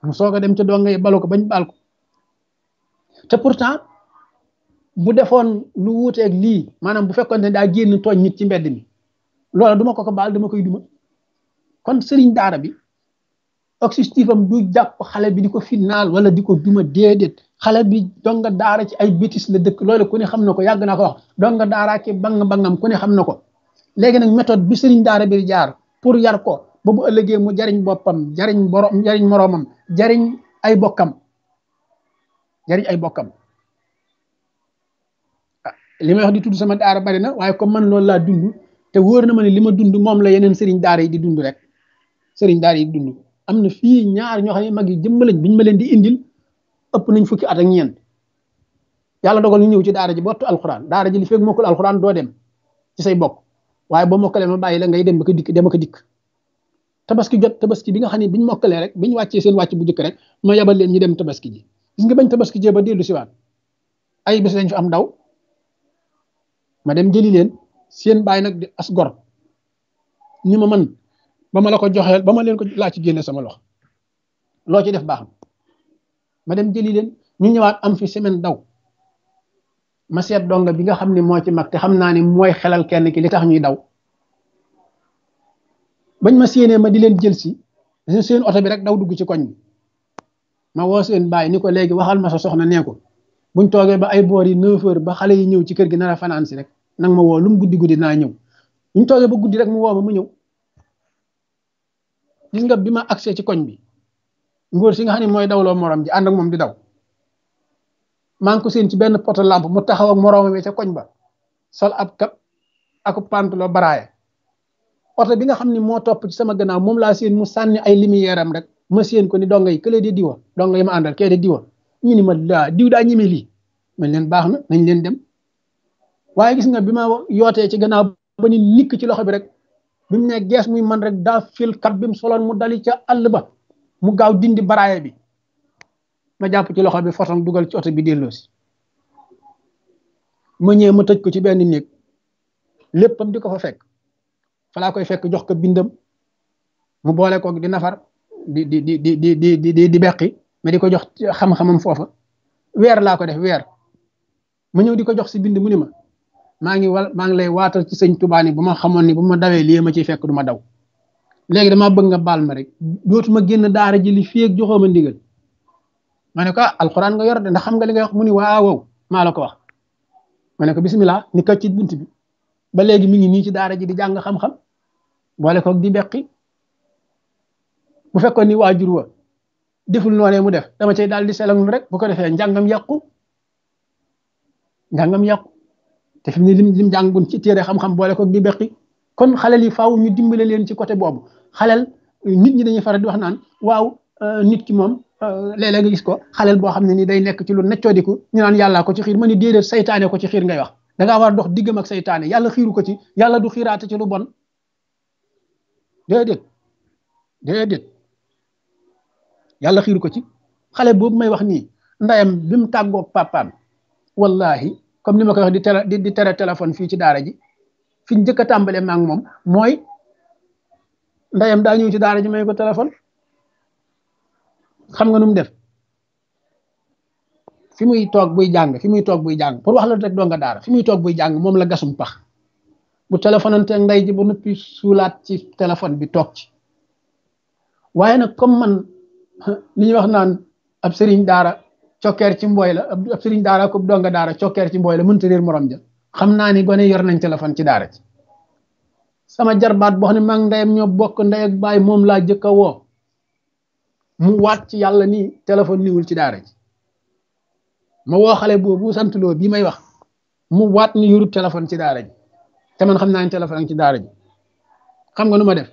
mu soog a dem ca donga yi balu ko bañ baal ko te pourtant bu defoon lu wuuteeg lii maanaam bu fekkoon ne daa génn tooñ nit ci mbedd mi loola duma ko ko bal dama koy duma kon sëriñ daara bi objectifam du jàpp xale bi di ko finnaal wala di ko duma déedéet xale bi donga daara ci ay bétis la dëkk loolu ku ne xam na ko yàgg na ko wax donga daaraa ki bang bangam ku ne xam na ko léegi nag méthode bi sëriñ daara bi jaar pour yar ko boobu bu ëllëgee mu jariñ boppam jariñ borom jariñ moroomam jariñ ay bokkam jariñ ay bokkam ah, li may wax di tudd sama daara bari na waaye comme man loolu laa dund te woor na ma ne li ma dund moom la yeneen sëriñ daar yi di dund rek sëriñ daar yi di dund am na fii ñaar ñoo xam ne mag yi jëmm lañ biñ ma leen di indil ëpp nañ fukki at ak ñeent yàlla dogal ñu ñëw ci daara ji bottu alxuraan daara ji li fekk mokkul alxuraan doo dem ci say bokk waaye boo mokkalee ma bàyyi la ngay dem ba ko dikk dem ba ko dikk tabaski jot tabaski bi nga xam ne biñ mokkalee rek biñ wàccee seen wàcc bu jëkk rek ma yabal leen ñu dem tabaski ji gis nga bañ tabaski jee ba dellu siwaat ay bés lañ fi am daw ma dem jëli leen seen bàyyi nag di as gor ni ma man ba ma la ko joxeel ba leen ko laa ci génne sama lox loo ci def baax ma dem jëli leen ñu ñëwaat am fi semaine daw ma seet donga bi nga xam ne moo ci mag te xam naa ne mooy xelal kenn ki li tax ñuy daw bañ ma séenee ma di leen jël si seen auto bi rek daw dugg ci koñ ma wo seen bay ni ko légui waxal ma sa soxna nee ko buñ toogee ba ay boor yi 9 h ba xalé yi ñew ci kër gi nar a fanaan rek nag ma wo lu mu guddi guddi na ñew buñ toogee ba guddi rek mu wo ma mu ñew gis nga bima accé ci koñ bi ngor si nga xani moy dawlo morom ji and ak mom di daw man ko seen ci benn poto lampe mu taxaw ak moroomam ci koñ ba sol ab kap ak pantalon baraye oto bi nga xam ne moo topp ci sama gannaaw moom laa seen mu sànni ay lumière am rek ma seen ko ni donga yi kële di diwa donga yi ma àndal kële di diwa ñu ni ma laa diw daa ñeme lii man leen baax na nañ leen dem waaye gis nga bi ma yootee ci gannaaw ba nikk ci loxo bi rek bi ne gees muy man rek daa fil kat bi mu soloon mu dali ca àll ba mu gaaw dindi baraaye bi ma jàpp ci loxo bi foton dugal ci oto bi delloosi ma ñëwee ma tëj ko ci benn néeg lépp di ko fa fekk falaa koy fekk jox ko bindam mu boole ko di nafar di di di di di di di di beqi mais di ko jox xam-xamam foofa weer laa ko def weer ma ñëw di ko jox si bind mu ni ma maa ngi wal maa ngi lay waatal ci sëñ Tuubaa ni bu ma xamoon ni bu ma dawee lii ma ciy fekk du ma daw léegi damaa bëgg nga baal ma rek dootuma génn daara ji li fii ak joxoo ma ndigal ma ne ko ah alxuraan nga yor de ndax xam nga li ngay wax mu ni waaw waaw maa la ko wax ma ne ko bisimilah ni kat ci bi. ba léegi mi ngi nii ci daara ji di jàng xam-xam boole koog di beqi bu fekkoon ni waajur wa deful noonee mu def dama cay daal di selangul rek bu ko defee njàngam yàqu njàngam yàqu te fi mu ne lim lim ci téere xam boole koog di beqi kon xalel yi faaw ñu dimbale leen ci côté boobu xalel nit ñi dañu faral di wax naan waaw euh, nit ki moom euh, léeg-léeg nga gis ko xalel boo xam ne ni day nekk ci lu neccoo naan yàllaa ko ci xiir ma ni déedéet ko ci xiir ngay wax da ngaa war dox diggam ak saytaane yàlla xiiru ko ci yàlla du xiiraate ci lu bon déedéet déedéet yàlla xiiru ko ci xale boobu may wax nii ndayam bi mu tàggoog papaam wallahi comme ni ma koy wax di tere di tere téléphone fii ci daara ji fi njëkk a tàmbalee ma moom mooy ndayam daal ñëw ci daara ji may ko téléphone xam nga nu def fi muy toog buy jàng fi muy toog buy jàng pour wax la rek donga daara fi muy toog buy jàng moom la gasum pax bu téléphonante ndey ji ba noppi suulaat ci téléphone bi toog ci waaye nag comme man li ñuy wax naan ab sëriñ daara cokkeer ci mbooy la ab sëriñ daara ko donga daara cokkeer ci mbooy la mënta réer morom ja xam naa ni gone yor nañ téléphone ci daara ci sama jarbaat boo xam ne mag ndeyam ñoo bokk ndey ak baay moom laa jëkk a woo mu waat ci yàlla nii téléphone niwul ci daara ji ma woo xale boobu sant loo bii may wax mu waat ni yorut téléphone ci daara ji te man xam naa ne téléphone ci daara ji xam nga nu ma def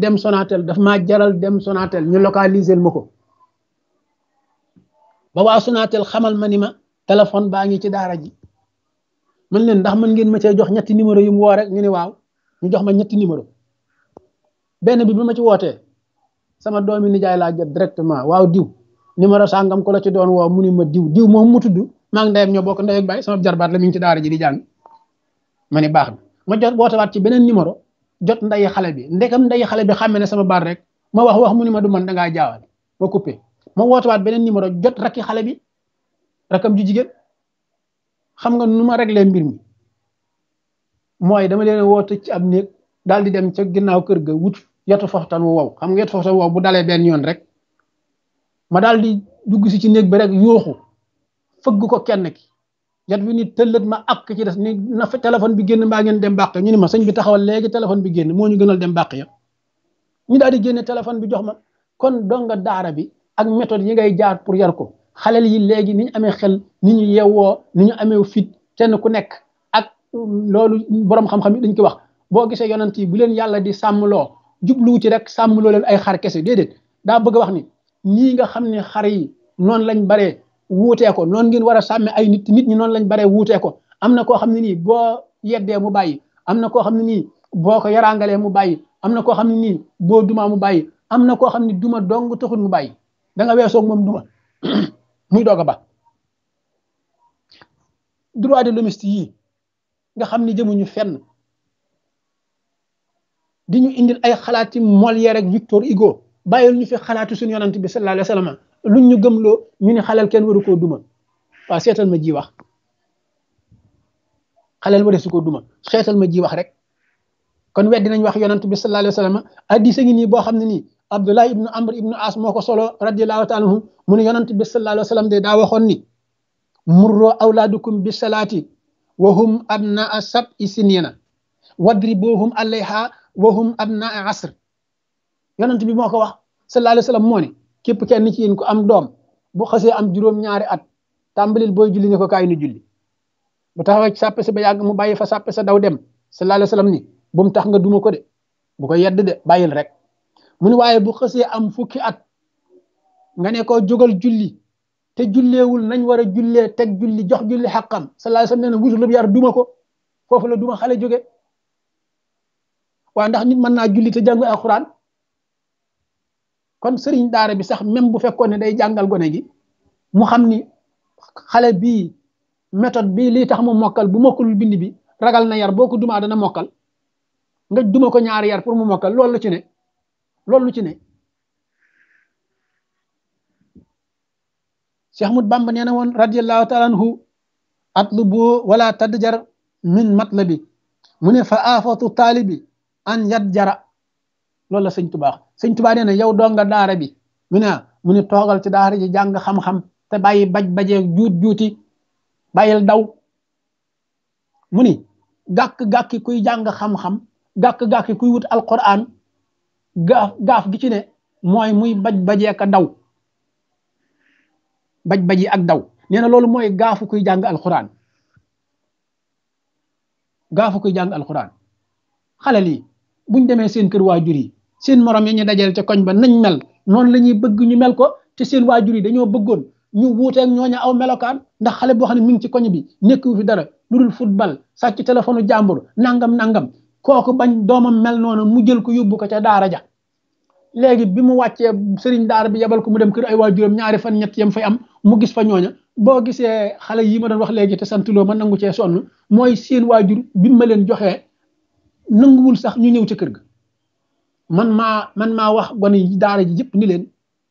dem Sonatel daf maa jaral dem Sonatel ñu localiser ma ko ba waa Sonatel xamal ma ni ma téléphone baa ngi ci daara ji man leen ndax mën ngeen ma cee jox ñetti numéro yim mu rek ñu ni waaw ñu jox ma ñetti numéro benn bi bi ma ci wootee sama doomi nijaay laa jot directement waaw diw. numéro sàngam ko la ci doon woo mu ni ma diw diw moom mu tudd maa ngi ndeyam ñoo bokk ndey ak baay sama jarbaat la mi ngi ci daara ji di jàng ma ni baax na ma jot wootewaat ci beneen numéro jot nday xale bi ndekam nday xale bi xàmme ne sama baat rek ma wax wax mu ni ma du man da ngaa jaawal ma ma wootewaat beneen numéro jot rakki xale bi rakam ju jigéen xam nga nu ma réglé mbir mi mooy dama leen woote ci ab néeg daal di dem ca ginnaaw kër ga wut yotu foxtan wu wow xam nga yotu foxtan wu bu dalee benn yoon rek ma daal di dugg si ci néeg bi rek yooxu fëgg ko kenn ki yat wi ni tëllët ma ak ci des ni na fa bi génn mbaa ngeen dem bàq ñu ni ma sëñ bi taxawal léegi téléphone bi génn moo ñu gënal de bàq ya ñu daal di génne téléphone bi jox ma kon donga daara bi ak méthode yi ngay jaar pour yar ko xaleel yi léegi ni ñu amee xel ni ñu yewwoo ni ñu amee fit kenn ku nekk ak loolu borom xam-xam yi dañ ko wax boo gisee yonent yi bu leen yàlla di sàmmloo jublu ci rek sàmmloo leen ay xar kese déedéet daa bëgg wax ni nii nga xam ne xar yi noonu lañ bare wuutee ko noonu ngeen war a sàmme ay nit nit ñi noonu lañ baree wuutee ko am na koo xam ne nii boo yeddee mu bàyyi am na koo xam ne nii boo ko yaraangalee mu bàyyi am na koo xam ne nii boo dumaa mu bàyyi am na koo xam ne duma dong taxul mu bàyyi danga weesook weesoog moom duma *clears throat* muy doog a ba droit de l'hommiste yii nga xam ne jëmuñu fenn di ñu indil ay xalaati Molière ak Victor Hugo bayil ñu fi xalaatu suñu yonent bi sallallahu alayhi wasallam sallam luñ ñu lo ñu ni xalal kenn waru ko duma wa setal ma ji wax xalal waru ko duma seetal ma ji wax rek kon weddi nañ wax yonent bi sallallahu alayhi wasallam sallam ngi ni bo xamni ni abdullah ibn amr ibn as moko solo radiyallahu taala mu ni yonent bi sallallahu alayhi wasallam de da waxon ni awladukum bis salati wa hum abnaa sab'i sinina wadribuhum alayha wahum abnaa asr yonent bi moko wax sallallahu alaihi wasallam sallam kep kenn ci yeen ku am dom bu xasse am juróom-ñaari at tambalil boy julli ne ko kay ni julli bu taxaw ci sàppe sa ba mu baye fa sàppe sa daw dem sallallahu alaihi wasallam ni bu mu tax nga duma ko de bu ko yedd de bayil rek mu ne waaye bu xasse am fukki at nga ne ko jogal julli te julleewul nañ wara julle tek julli jox julli haqqam sallallahu alaihi wasallam ne nee wutul yar duma ko fofu la duma xale joge wa ndax nit man na julli te jangu alquran kon sëriñ daara bi sax même bu fekkoon ne day jàngal gone gi mu xam ni xale bi méthode bii lii tax mu mokkal bu mokkalul bind bi ragal na yar boo ko dumaa dana mokkal nga duma ko ñaari yar pour mu mokkal loolu ci ne loolu ci ne Cheikh Ahmad Bamba nee na woon radiyallahu taala anhu atlubu wala tadjar min matlabi mu ne fa aafatu taalibi an jara loolu la sëñ Tuba wax sëñ Tuba nee na yow doo nga daara bi mu ne mu ne toogal te daara ji jàng xam-xam te bàyyi baj bajee juut juuti bàyyil daw mu ni gàkk-gàkki kuy jàng xam-xam gàkk kuy wut alquran gaaf gaaf gi ci ne mooy muy baj bajee ka daw baj baji ak daw nee na loolu mooy gaafu kuy jàng alquran gaafu kuy jàng alquran xale lii buñ demee seen kër waajur yi seen moroom yi ñu dajale ca koñ ba nañ mel noonu la ñuy bëgg ñu mel ko te seen waajur yi dañoo bëggoon ñu wuuteeg ñooñu aw melokaan ndax xale boo xam ne mi ngi ci koñ bi nekku fi dara lu dul football sàcc téléphone jàmbur nangam nangam kooku bañ doomam mel noonu mu jël ko yóbbu ko ca daara ja léegi bi mu wàccee sëriñ daara bi yebal ko mu dem kër ay waajuram ñaari fan ñett yam fay am mu gis fa ñooña boo gisee xale yii ma doon wax léegi te santuloo ma nangu cee sonn mooy seen waajur bi ma leen joxee nanguwul sax ñu ñëw ca kër ga man maa man maa wax gone yi daara ji yëpp ni leen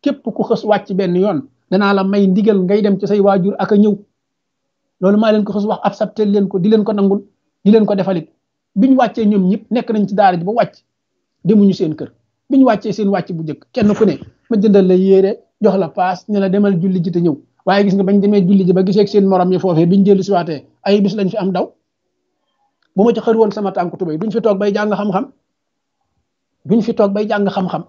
képp ku xës wàcc benn yoon danaa la may ndigal ngay dem ci say waajur ak a ñëw loolu maa leen ko xës wax ab sabtel leen ko di leen ko nangu di leen ko defalit biñu wàccee ñoom ñëpp nekk nañ ci daara ji ba wàcc ñu seen kër biñu wàccee seen wàcc bu njëkk kenn ku ne ma jëndal la yére jox la paas ne la demal julli ji te ñëw waaye gis nga bañ demee julli ji ba giseek seen morom yi foofee biñ dellu siwaatee ay bis lañ fi am daw bu ma woon sama tànku tubay fi toog bay jàng xam buñ fi tok bay jang xam-xam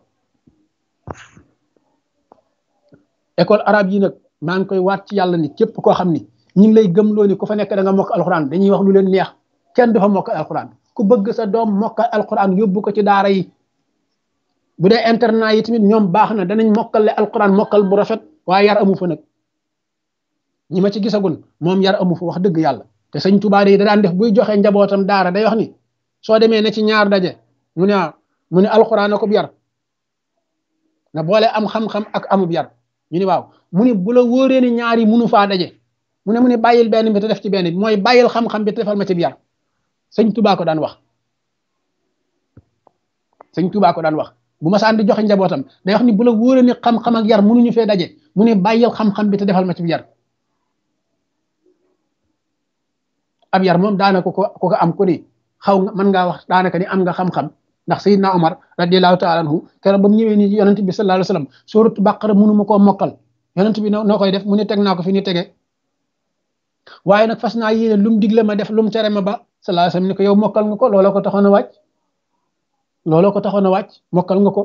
école arab yi nak ma ngi koy wat ci yalla ni cipp ko xamni ñi ngi lay lo ni ku fa nek da nga mok alcorane dañuy wax lu leen neex kenn du fa mok alcorane ku bëgg sa doom mok alcorane yobbu ko ci daara yi bu dee internat yi tamit ñoom baax na danañ mokkal le alquran mokkal bu rafet waaye yar amu fa nag ñi ma ci gisagun moom yar amu fa wax dëgg yàlla te sëñ tubaade yi da daan def buy joxe njabootam daara day wax ni soo demee na ci ñaar daje mu ne mu ne alxuraan akub yar na boole am xam-xam ak amub yar ñu ni waaw mu ne bu la wóoree ne ñaar yi munu daje mu ne mu ne bàyyil benn bi te def ci benn mooy bàyyil xam-xam bi te defal ma ci yar sëñ Tuubaa daan wax sëñ Tuubaa daan wax bu ma saan di joxe njabootam day wax ni bu la wóoree ne xam-xam ak yar munuñu fee daje mu ne bàyyil xam-xam bi te defal ma ci yar ab yar moom daanaka ko ko am ku ni xaw nga mën ngaa wax daanaka ni am nga xam-xam. ndax sayidna omar radiallahu taala anhu keroog ba mu ñëwee ni yonent bi sallallahu alayhi wasallam suuratu bàqara mënuma koo mokkal yonent bi noo koy def mu ne teg naa ko fi ni tege waaye nag fas naa yéene lu mu digle ma def lu mu tere ma ba sallallahu alayhi wasallam ni ko yow mokkal nga ko looloo ko taxoon a wàcc looloo ko taxoon a wàcc mokkal nga ko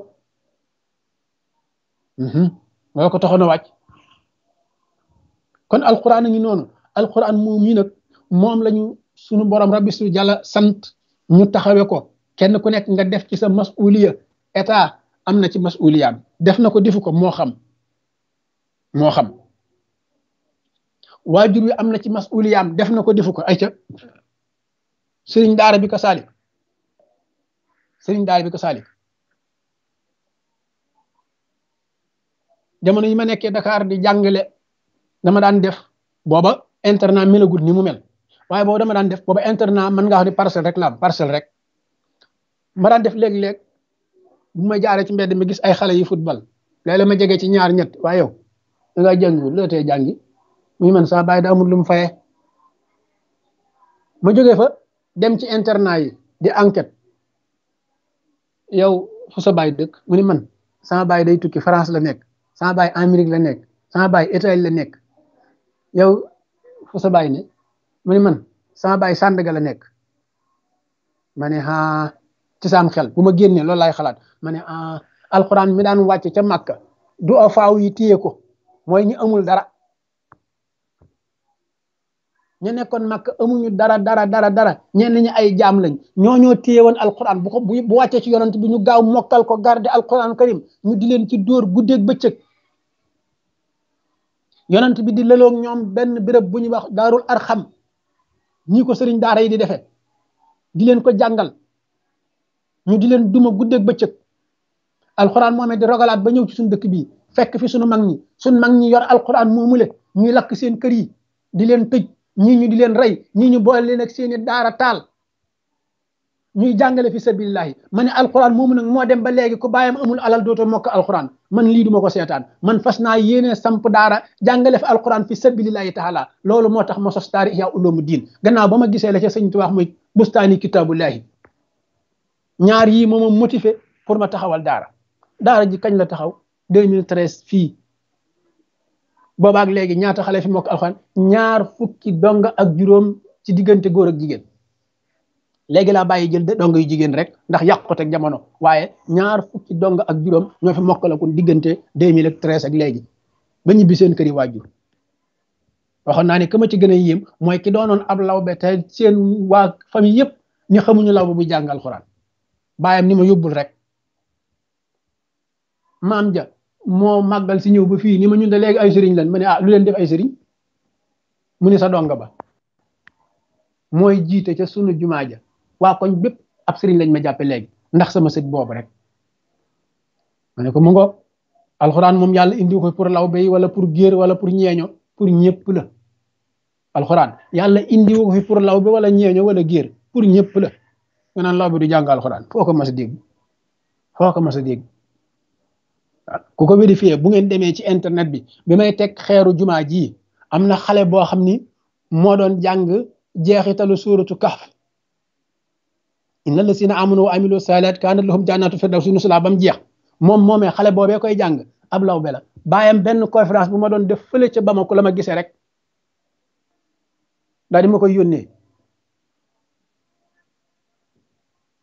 mhm. looloo ko taxoon a wàcc kon alquran a ngi noonu alquran moom yi nag moom lañu sunu borom rabbi su jàlla sant ñu taxawe ko kenn ku nekk nga def ci sa masuliya état am na ci masuliyaam def na ko defu ko moo xam moo xam waajur wi am ci masuliyaam def na ko defu ko ay ca sëriñ daara bi ko saalik sëriñ daara bi ko jamono yi ma Dakar di jàngale dama daan def booba internat melagul ni mu mel waaye booba dama daan def booba internat man nga wax ni parcelle rek la parcelle rek ma daan def léeg-léeg bu ma jaaree ci mbedd ma gis ay xale yi football léeg-léeg ma jege ci ñaar ñett waaye yow da ngaa jàngiwul loo tee jàngi saa bàyyi da amul lu mu fayee ma jógee fa dem ci internat yi di enquête yow fu sa dëkk mu ni man sama bàyyi day tukki France la nekk sama bàyyi Amérique la nekk sama bàyyi Italie la nekk yow fu sa bàyyi ne mu ni man sama bàyyi Sandaga la nekk ma ne ah ci saam xel bu ma génnee loolu laay xalaat ma ne ah alxuraan mi daan wàcc ca Makka du a faaw yi téye ko mooy ñi amul dara ñu nekkoon Makka amuñu dara dara dara dara ñenn ñi ay jaam lañ ñoo ñoo téye woon alxuraan bu ko bu wàccee ci yonent bi ñu gaaw mokkal ko garde alxuraan karim ñu di leen ci dóor ba cëg yonent bi di lëloog ñoom benn béréb bu ñuy wax daarul arxam ñii ko sëriñ daara yi di defee di leen ko jàngal. ñu di leen duma guddeeg bëccëg alquran moomee di rogalaat ba ñëw ci suñu dëkk bi fekk fi suñu mag ñi suñu mag ñi yor alquran moomule ñuy lakk seen kër yi di leen tëj ñi ñu di leen rey ñi ñu boole leen ak seeni daara taal ñuy jàngale fi sabilillahi ma ne alquran moomu nag moo dem ba léegi ku bàyyam amul alal dootoo mokk alquran man lii duma ko seetaan man fas naa yéene samp daara jàngale fi alquran fi sabilillahi taala loolu moo tax ma sos ya uloomu diin gannaaw ba ma gisee la ca sëñ tuwaax muy bustaani ñaar yii moom a motivé pour ma taxawal daara daara ji kañ la taxaw 2013 fii boobaak léegi ñaata xale fi mokk alxuraan ñaar fukki donga ak juróom ci diggante góor ak jigéen léegi laa bàyyi jël de donga yu jigéen rek ndax yàq jamono waaye ñaar fukki donga ak juróom ñoo fi mokk la kon diggante 2013 ak léegi ba ñibbi seen kër yi waajur waxoon naa ne que ma ci gën a yéem mooy ki doonoon ab lawbe te seen waa famille yëpp ñu xamuñu lawbe bu jàngal alxuraan bayam ni ma yobul rek maam ja mo magal si ñew ba fi ni ma ñun da leg ay serigne lan mané ah lu leen def ay serigne mu sa donga ba moy jité ci sunu juma ja wa koñ bépp ab serigne lañ ma jappé leg ndax sama sëj bobu rek mané ko mu ngo alquran mom yalla indi ko pour law bay wala pour guer wala pour ñeño pour ñepp la alquran yalla indi ko fi pour law bi wala ñeño wala guer pour ñepp la ñu la bi di jàng dig, foo ko mas a dégg foo ko mas ah, ku ko bu internet bi bi may tek xeeru juma ji amna na bo boo xam ni moo doon jàng jeexitalu suuratu kahf inna lasina amanu wa amilu salat kaanat lahum jannatu firdawsi nusula bam jeex moom moomee xale boobee koy jàng ab bela be la bàyyam benn conférence bu ma doon def fële ca bamako la ma rek di ma koy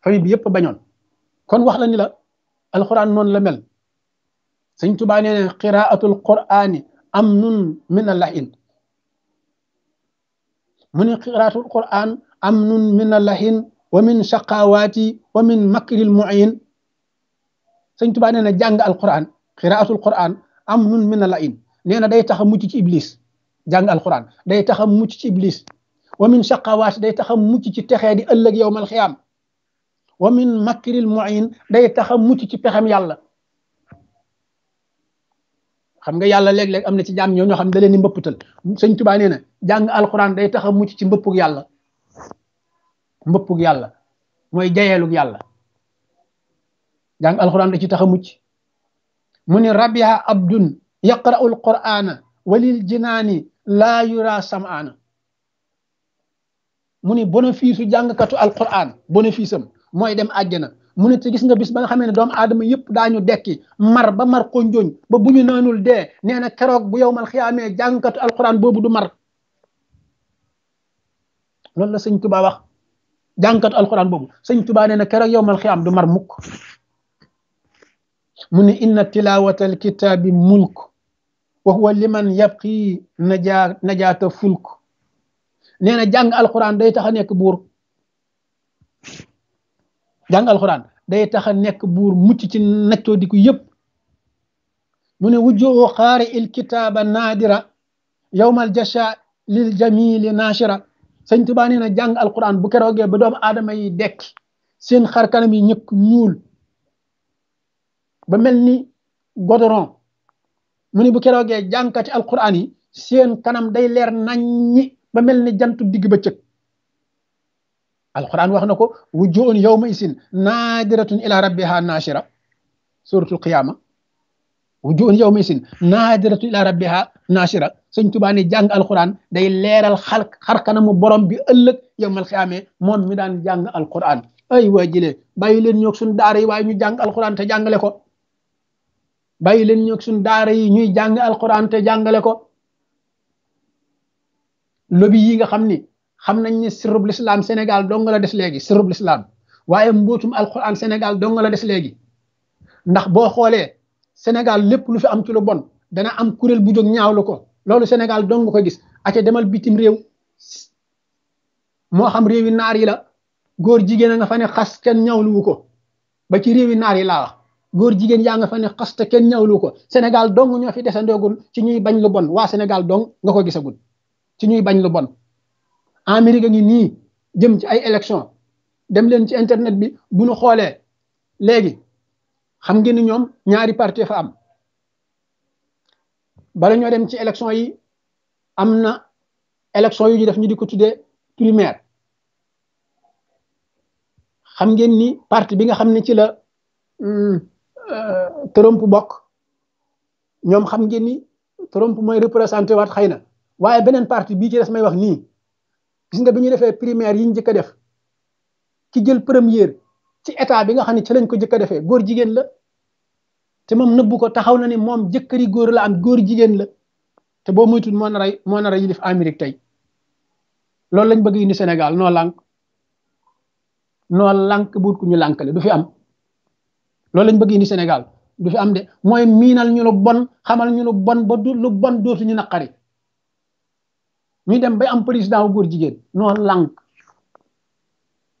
famille bi yëpp bañoon kon wax la ni la alquran noonu la mel sëñ tubaa nee ne qiraatul qurani amnun min allahin mu ne qiraatul quran amnun min allahin wa min shaqawaati wa min makril muin sëñ tubaa nee na jàng alquran qiraatul quran amnun min allahin nee na day tax a mucc ci iblis jàng alquran day tax a mucc ci iblis wa min shaqawaati day tax a mucc ci texee di ëllëg yowmal xiyaam ومن مكر المعين داي تخا موتي سي فخم يالا خمغا يالا ليك ليك امنا سي جام ньо ньо خم دالين ني مبطل سيغ توبا نينا جانغ القران داي تخا موتي سي مبوك يالا مبوك يالا موي جايلوك يالا جانغ القران داي تخا موتي من ربيع عبد يقرا القران وللجنان لا يرى سمعان من بونفيسو جانغ كاتو القران بونفيسم mooy dem àjjana mu ne te gis nga bis ba nga xamee ne doomu aadama yëpp daañu dekki mar ba mar konjooñ ba bu ñu naanul dee nee na keroog bu yow mal xiyaamee jàngkatu alxuraan boobu du mar loolu la sëñ Tuba wax jàngkatu alxuraan boobu sëñ na keroog yow mal xiyaam du mar mukk mu ne inna tilawata alkitaabi mulk wa huwa liman yabqi najaa najaata fulk nee na jàng alxuraan day tax a nekk buur jàng alxuraan day tax a nekk buur mucc ci naccoo diku yëpp mu ne wujjoo xaari il kitaaba naadira yowmal jasha lil jamili naashira sëñ Tuubaa nee na jàng alxuraan bu keroogee ba doomu aadama yi dekk seen xar kanam yi ñëkk ñuul ba mel ni godoron mu ne bu keroogee jàngkati alxuraan yi seen kanam day leer naññi ba mel ni jantu digg bëccëg alquran wax na ko wujuhun yawma isin naadiratun ila rabbiha naashira suratul qiyaama wujuhun yawma isin naadiratun ila rabbiha naashira sëñ Tuubaa ne jàng day leeral xal xarkanamu borom bi ëllëg yawmal qiyaame moom mi daan jàng alquran ay waa jëlee leen ñoog suñu daara yi waaye ñu jàng alquran te jàngale ko bàyyi leen ñoog suñu daara yi ñuy jàng alquran jàngale ko lobi xam ni xam nañ ne sirrub lislaam Sénégal dong la des léegi sirrub lislaam waaye mbootum alquran Sénégal dong la des léegi ndax boo xoolee Sénégal lépp lu fi am ci bon dana am kuréel bu jóg ñaawlu ko loolu Sénégal dong ko gis aca demal bitim réew moo xam réewi naar yi la góor jigéen a nga ne xas kenn ñaawluwu ko ba ci réewi naar yi laa góor jigéen yaa nga fa ne xas kenn ñaawlu ko Sénégal dong ñoo fi desandoogul ci ñuy bañ lu bon waa Sénégal dong nga ko gisagul ci ñuy bañ lu bon Amérique ngi nii jëm ci ay élection dem leen ci internet bi bu nu xoolee léegi xam ngeen ni ñoom ñaari parti fa am bala ñoo dem ci élection yi am na élection yu ñu def ñu di ko tuddee primaire xam ngeen ni parti bi nga xam ne ci la hmm, euh, Trump mbokk ñoom xam ngeen ni Trump mooy représenté waat xëy na waaye beneen parti bii ci des may wax nii gis nga bi ñu defee primaire yi ñu njëkk a def ki jël première ci état bi nga xam ne ci lañ ko njëkk a defee góor jigéen la te moom nëbbu ko taxaw na ni moom jëkkëri góor la am góor jigéen la te boo moytuwul moo na rey moo nar a yilif Amérique tey loolu lañ bëgg indi Sénégal noo lànk noo lank buut ku ñu lànkale du fi am loolu lañ bëgg indi Sénégal du fi am de mooy miinal ñu lu bon xamal ñu lu bon ba du lu bon dootuñu naqari. ñu dem bay am président wu góor jigéen noonu lank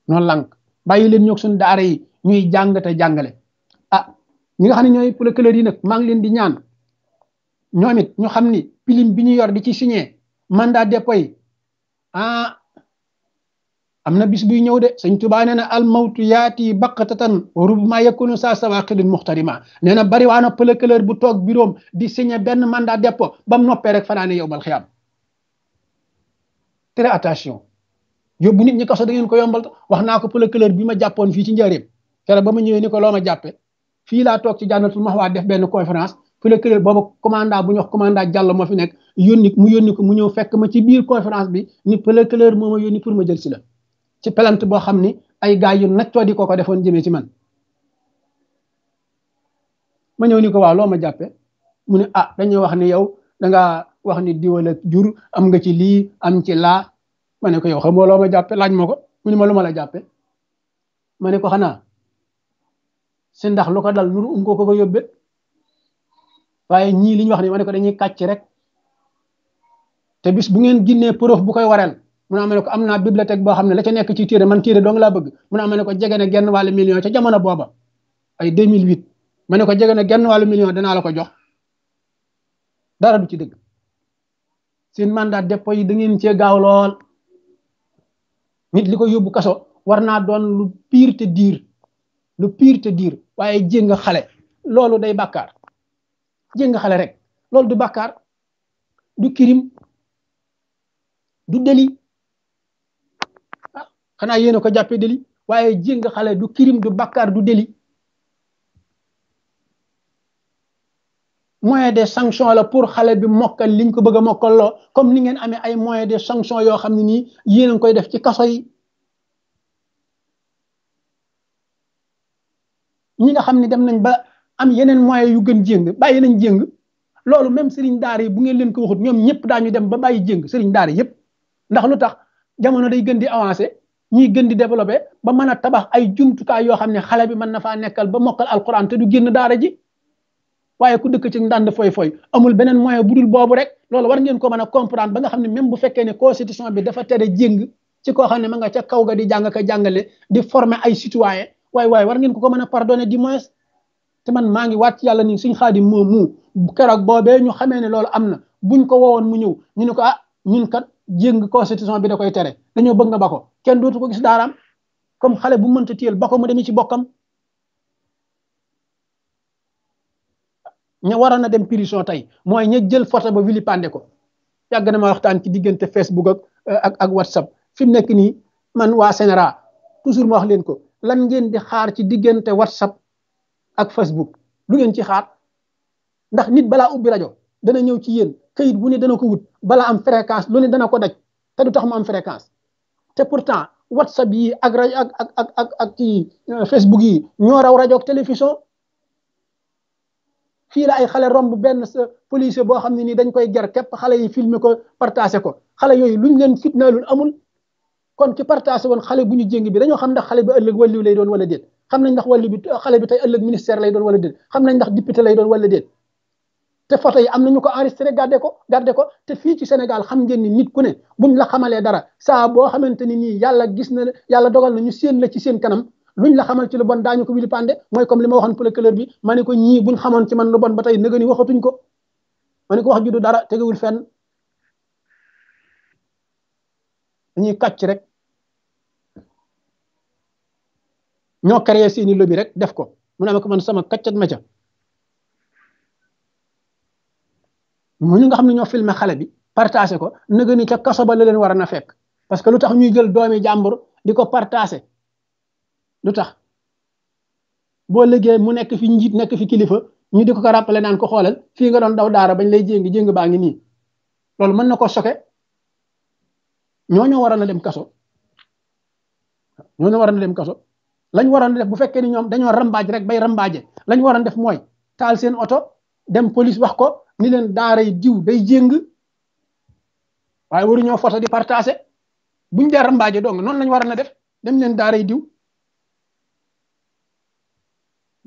noonu lank bàyyi leen ñoog suñu daara yi ñuy jàng te jàngale ah ñi nga xam ne ñooy procureur yi nag maa ngi leen di ñaan ñoom ñu xam pilim bi ñu yor di ci signé mandat dépôt yi ah am na bis buy ñëw de sëñ tubaa nee na al mawtu yaati baqatatan rubma yakunu sa sawaqidin muxtarima nee na bari waana procureur bu toog bureau di signé benn mandat dépôt bam noppee rek fanaane très attention yóbbu nit ñi kasso da ngeen ko yombal wax naa ko keleur bi ma jàppoon fii ci njëriñ kere ba ma ñëwee ni ko loo ma jàppe fii laa toog ci jànnatul maxwaa def benn conférence keleur booba commandant bu ñu wax commandant Diallo fi nekk yónni mu yónni ko mu ñëw fekk ma ci biir conférence bi ni pula moo ma yónni pour ma jël si la ci plainte boo xam ni ay gars yu di ko ko defoon jëmee ci man ma ñëw ni ko waaw loo ma jàppe mu ne ah dañuy wax ni yow da ngaa wax ni diwal ak jur am nga ci li am ci la mané ko yow xam lo ma jappé laaj mako mu ni ma luma la jappé mané ko xana si ndax luko dal nuru um ko ko yobbe waye ñi liñ wax ni mané ko dañuy katch rek té bis bu ngeen ginné prof bu koy mu ko amna bibliothèque bo xamné la ca nekk ci man do dong la bëgg mu ne ko jege na genn wàllu million ca jamono boba ay 2008 mané ko jege na genn dana million dana la ko jox dara du ci dëgg seen mandat dépôt yi da ngeen cee gaaw lool nit li ko yóbbu kaso war naa doon lu piir te diir lu piir te diir waaye jéng xale loolu day bàkkaar jéng xale rek loolu du bàkkaar du kirim du délit a ah, xanaa yéen a ko jàppee délit waaye jéng xale du kirim du bàkkaar du délit moyen de sanction la pour xale bi mokkal liñ ko bëgg a mokkal comme ni ngeen amee ay moyen de sanction yoo xam ne nii yéen a ngi koy def ci kaso ñi nga xam ni dem nañ ba am yeneen moyen yu gën jéng bàyyi nañ jéng loolu même sëriñ daari bu ngeen leen ko waxut ñoom ñëpp daañu dem ba bàyyi jéng sëriñ daara yëpp ndax lu tax jamono day gën di avancé ñuy gën di développé ba mën a tabax ay jumtukaay yoo xam ne xale bi mën na faa nekkal ba mokkal alquran te du génn daara ji waaye ku dëkk ci ndànd foy foy amul beneen moyen bu dul boobu rek loolu war ngeen ko mën a comprendre ba nga xam ne même bu fekkee ne constitution bi dafa tere jéng ci koo xam ne ma nga ca kaw ga di jàng jàngale di former ay citoyen waaye waaye ngeen ko ko mën a pardonner du moins te man maa ngi waat yàlla ni suñ xaadim moom mu keroog boobee ñu xamee ne loolu am na buñ ko woowoon mu ñëw ñu ne ko ah ñun kat jéng constitution bi da koy tere dañoo bëgg nga ba ko kenn dootu ko gis daaraam comme xale bu mënta téyel ba ko mu demee ci bokkam ña waroon a dem prison tey mooy ña jël photo ba vilipande ko yàgg na ma waxtaan ci diggante Facebook ak ak ak WhatsApp fi mu nekk nii man waa CNRA toujours ma wax leen ko lan ngeen di xaar ci diggante WhatsApp ak Facebook lu ngeen ci xaar ndax nit balaa ubbi rajo dana ñëw ci yéen kayit bu ne dana ko wut balaa am fréquence lu ne dana ko daj te du tax mu am fréquence te pourtant WhatsApp yi ak rajo ak ak ak euh, Facebook yi ñoo raw télévision. fi la ay xale romb ben police bo xamni ni dañ koy ger kep xale yi filmer ko partager ko xale yoy luñ leen fitnaalul amul kon ki partager won xale buñu ñu jéng bi dañu xam ndax xale bi ëlëk walli lay doon wala déet xam nañ ndax walli bi xale bi tay ëlëk ministère lay doon wala déet xam nañ ndax député lay doon wala déet te photo yi am nañu ko enregistré gardé ko gardé ko te fi ci Sénégal xam ngeen ni nit ku ne buñ la xamalé dara sa bo xamanteni ni yàlla gis na yàlla dogal na ñu séen la ci seen kanam luñ la xamal ci lu bon daañu ko wili pande mooy comme li ma waxoon procureur bi ma ne ko ñii buñ xamoon ci man lu bon ba tey nëgëni waxatuñ ko ma ne ko wax ju du dara tegewul fenn dañuy kàcc rek ñoo créé seeni lobby rek def ko mu ne ko man sama kàcc ak ma ca mu ñu nga xam ne ñoo filmé xale bi partagé ko nëgëni ca kaso ba la leen war na fekk parce que lu tax ñuy jël doomi jàmbur di ko partagé lu tax boo liggéey mu nekk fi njiit nekk fi kilifa ñu di ko ko rappelé naan ko xoolal fii nga doon daw daara bañ lay jéng jéng baa ngi nii loolu mën na ko soke ñooñu waroon a dem kaso ñooñu waroon a dem kaso lañ waroon a def bu fekkee ni ñoom dañoo rambaaj rek bay rambaaje lañ waroon def mooy taal seen oto dem police wax ko ni leen daara yi diw day jéng waaye waruñoo foto di partagé buñ dee rambaaje dong noonu lañ waroon a def dem leen daara yi diw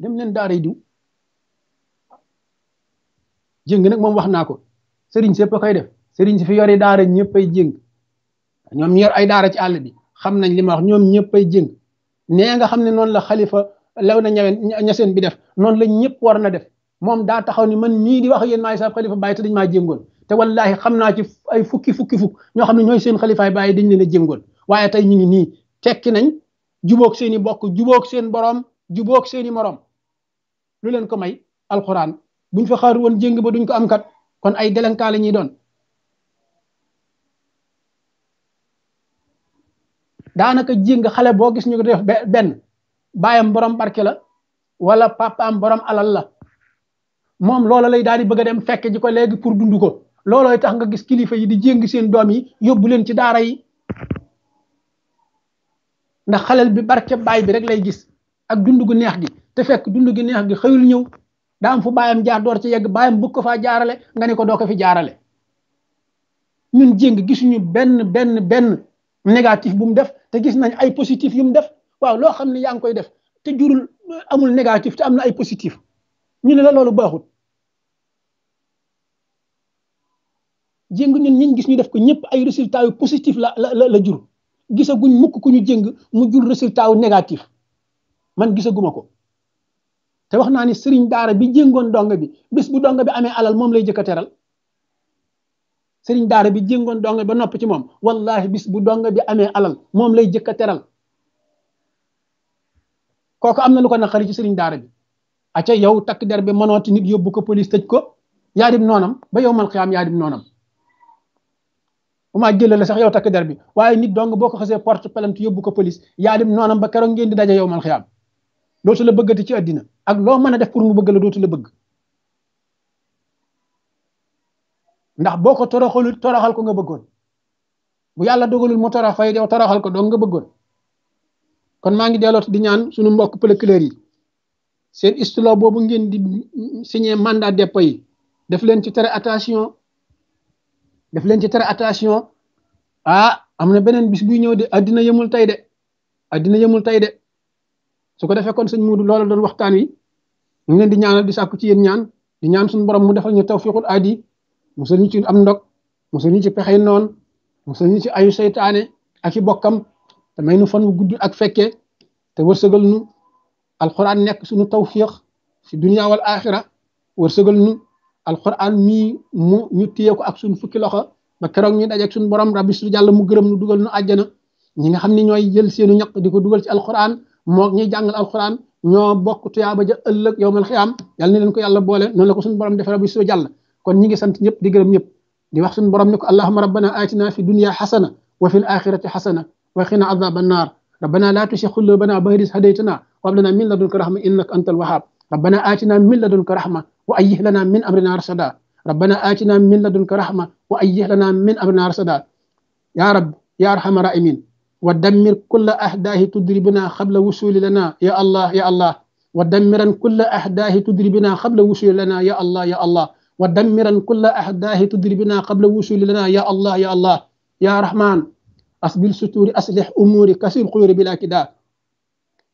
dem leen daaray diw jëng nag moom wax naa ko sëriñ sépp a def sëriñ si fi yori daar ñëpp ay jëng ñoom ñu yor ay daara ci àll bi xam nañ li ma wax ñëpp ay jëng nee nga xam ne noonu la xalifa lew na ñaween ñaseen bi def noonu la ñëpp war na def moom daa taxaw ni man mii di wax yéen maay saab xalifa bàyyi te dañ maa jéngoon te wallahi xam naa ci ay fukki fukki fukk ñoo xam ne ñooy seen xalifaay bàyyi dañ leen a jéngoon waaye tey ñu ngi nii tekki nañ jubóog seen i bokk jubook seen boroom jubook seeni moroom lu leen ko may alxuraan buñ fa xaar woon jéng ba duñ ko am kat kon ay délinquant la ñuy doon daanaka jéng xale boo gis ñu ko def benn baayam borom barke la wala am borom alal la moom loola lay daal di bëgg dem fekk ji ko léegi pour dund ko loolooy tax nga gis kilifa yi di jéng seen doom yi yóbbu leen ci daara yi ndax xalel bi barke baay bi rek lay gis ak dund gu neex gi te fekk dund gi neex gi xëyul ñëw daa am fu baayam jaar door ci yegg baayam bëgg ko faa jaarale nga ne ko doo ko fi jaarale ñun jéng gisuñu benn benn benn négatif bu mu def te gis nañ ay positif yu mu def waaw loo xam ne yaa ngi koy def te jurul amul négatif te am na ay positif ñu ne la loolu baaxut jéng ñun ñiñ gis ñu def ko ñëpp ay résultat yu positif la la la jur gisaguñ mukk ku ñu jéng mu jur résultat wu négatif man gisaguma ko te wax naa ni sëriñ daara bi jéngoon donga bi bis bu donga bi amee alal moom lay jëkk teral sëriñ daara bi jéngoon dong ba noppi ci moom wallahi bis bu donga bi amee alal moom lay jëkk a teral kooku am na lu ko naqari ci sëriñ daara bi aca yow takk der bi mënooti nit yóbbu ko police tëj ko yaa noonam ba yow mal xiyaam yaa dim noonam bu maa jëlee la sax yow takk der bi waaye nit dong boo ko xasee porte plainte yóbbu ko police yaa dim noonam ba keroog ngeen di daje yow mal xiyaam dootu la bëggati ci àddina ak loo mën a def pour mu bëgg la dootu la bëgg ndax boo ko toroxalul toroxal ko nga bëggoon bu yàlla dogalul mu torox fay yow toroxal ko doon nga bëggoon kon maa ngi delloot di ñaan sunu mbokk procureur yi seen istilo boobu ngeen di signé mandaa dépôt yi def leen ci tere attention def leen ci tere attention ah am na beneen bis buy ñëw de àddina yëmul tey de àddina yëmul de su ko defé kon sëñ mudu loolu doon waxtaan wi ñu leen di ñaanal di sakku ci yeen ñaan di ñaan suñu borom mu defal ñu tawfiqul aadi musal ñu ci am ndog musal ñu ci pexé noon musal ñu ci ayu shaytané ak ci bokkam te may ñu fan wu gudd ak fekkee te wërsegal ñu alquran nek suñu tawfiq si dunya wal akhirah wërsegal nu alquran mi mu ñu tiyé ko ak suñu fukki loxo ba keroog ñu ak suñu borom rabbi sulu jall mu gëreem ñu dugal nu aljana ñi nga xamni ñoy jël seenu ñak diko duggal ci alquran موك ني جانغال القران ньо بوك تياما جا ëlëk يوم القيامة يال ني لن كو يالله بولے نون لا كو سون بروم ديفال بو سو جال كون دي گرم نييب دي واخ اللهم ربنا آتنا في الدنيا حسنة وفي الآخرة حسنة وقنا عذاب النار ربنا لا تشخ قلوبنا بعد إذ هديتنا وهب لنا من لدنك رحمة إنك أنت الوهاب ربنا آتنا من لدنك رحمة وأيه لنا من أمرنا رشدا ربنا آتنا من لدنك رحمة وأيه لنا من أمرنا رشدا يا رب يا أرحم الراحمين ودمر كل أحداه تدربنا قبل وصول لنا يا الله يا الله ودمرا كل أحداه تدربنا قبل وصول لنا يا الله يا الله ودمرا كل أحداه تدربنا قبل وصول لنا يا الله يا الله يا رحمن أسبل ستور أصلح أموري كسر خير بلا كدا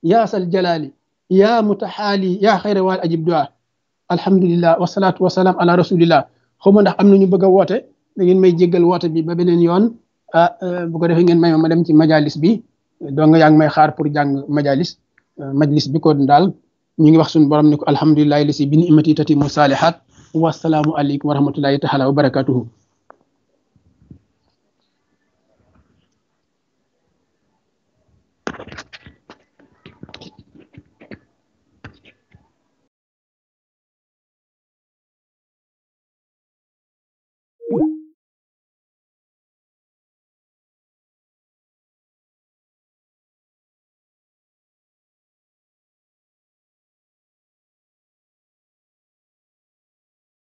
يا سل جلالي يا متحالي يا خير والأجب دعاء الحمد لله والصلاة والسلام على رسول الله خمنا أمن am nañu bëgg ما da ngeen ببنين يون ah eh, bu ko defee ngeen may ma ma dem ci majalis bi don yaa ngi may xaar pour jàng majalis eh, majlis bi kon daal ñu ngi wax suñu borom ni ko alhamdulilahi li si bi ni imati tati mu wa wasalaamu aleykum wa rahmatullahi taala wa barakatuhu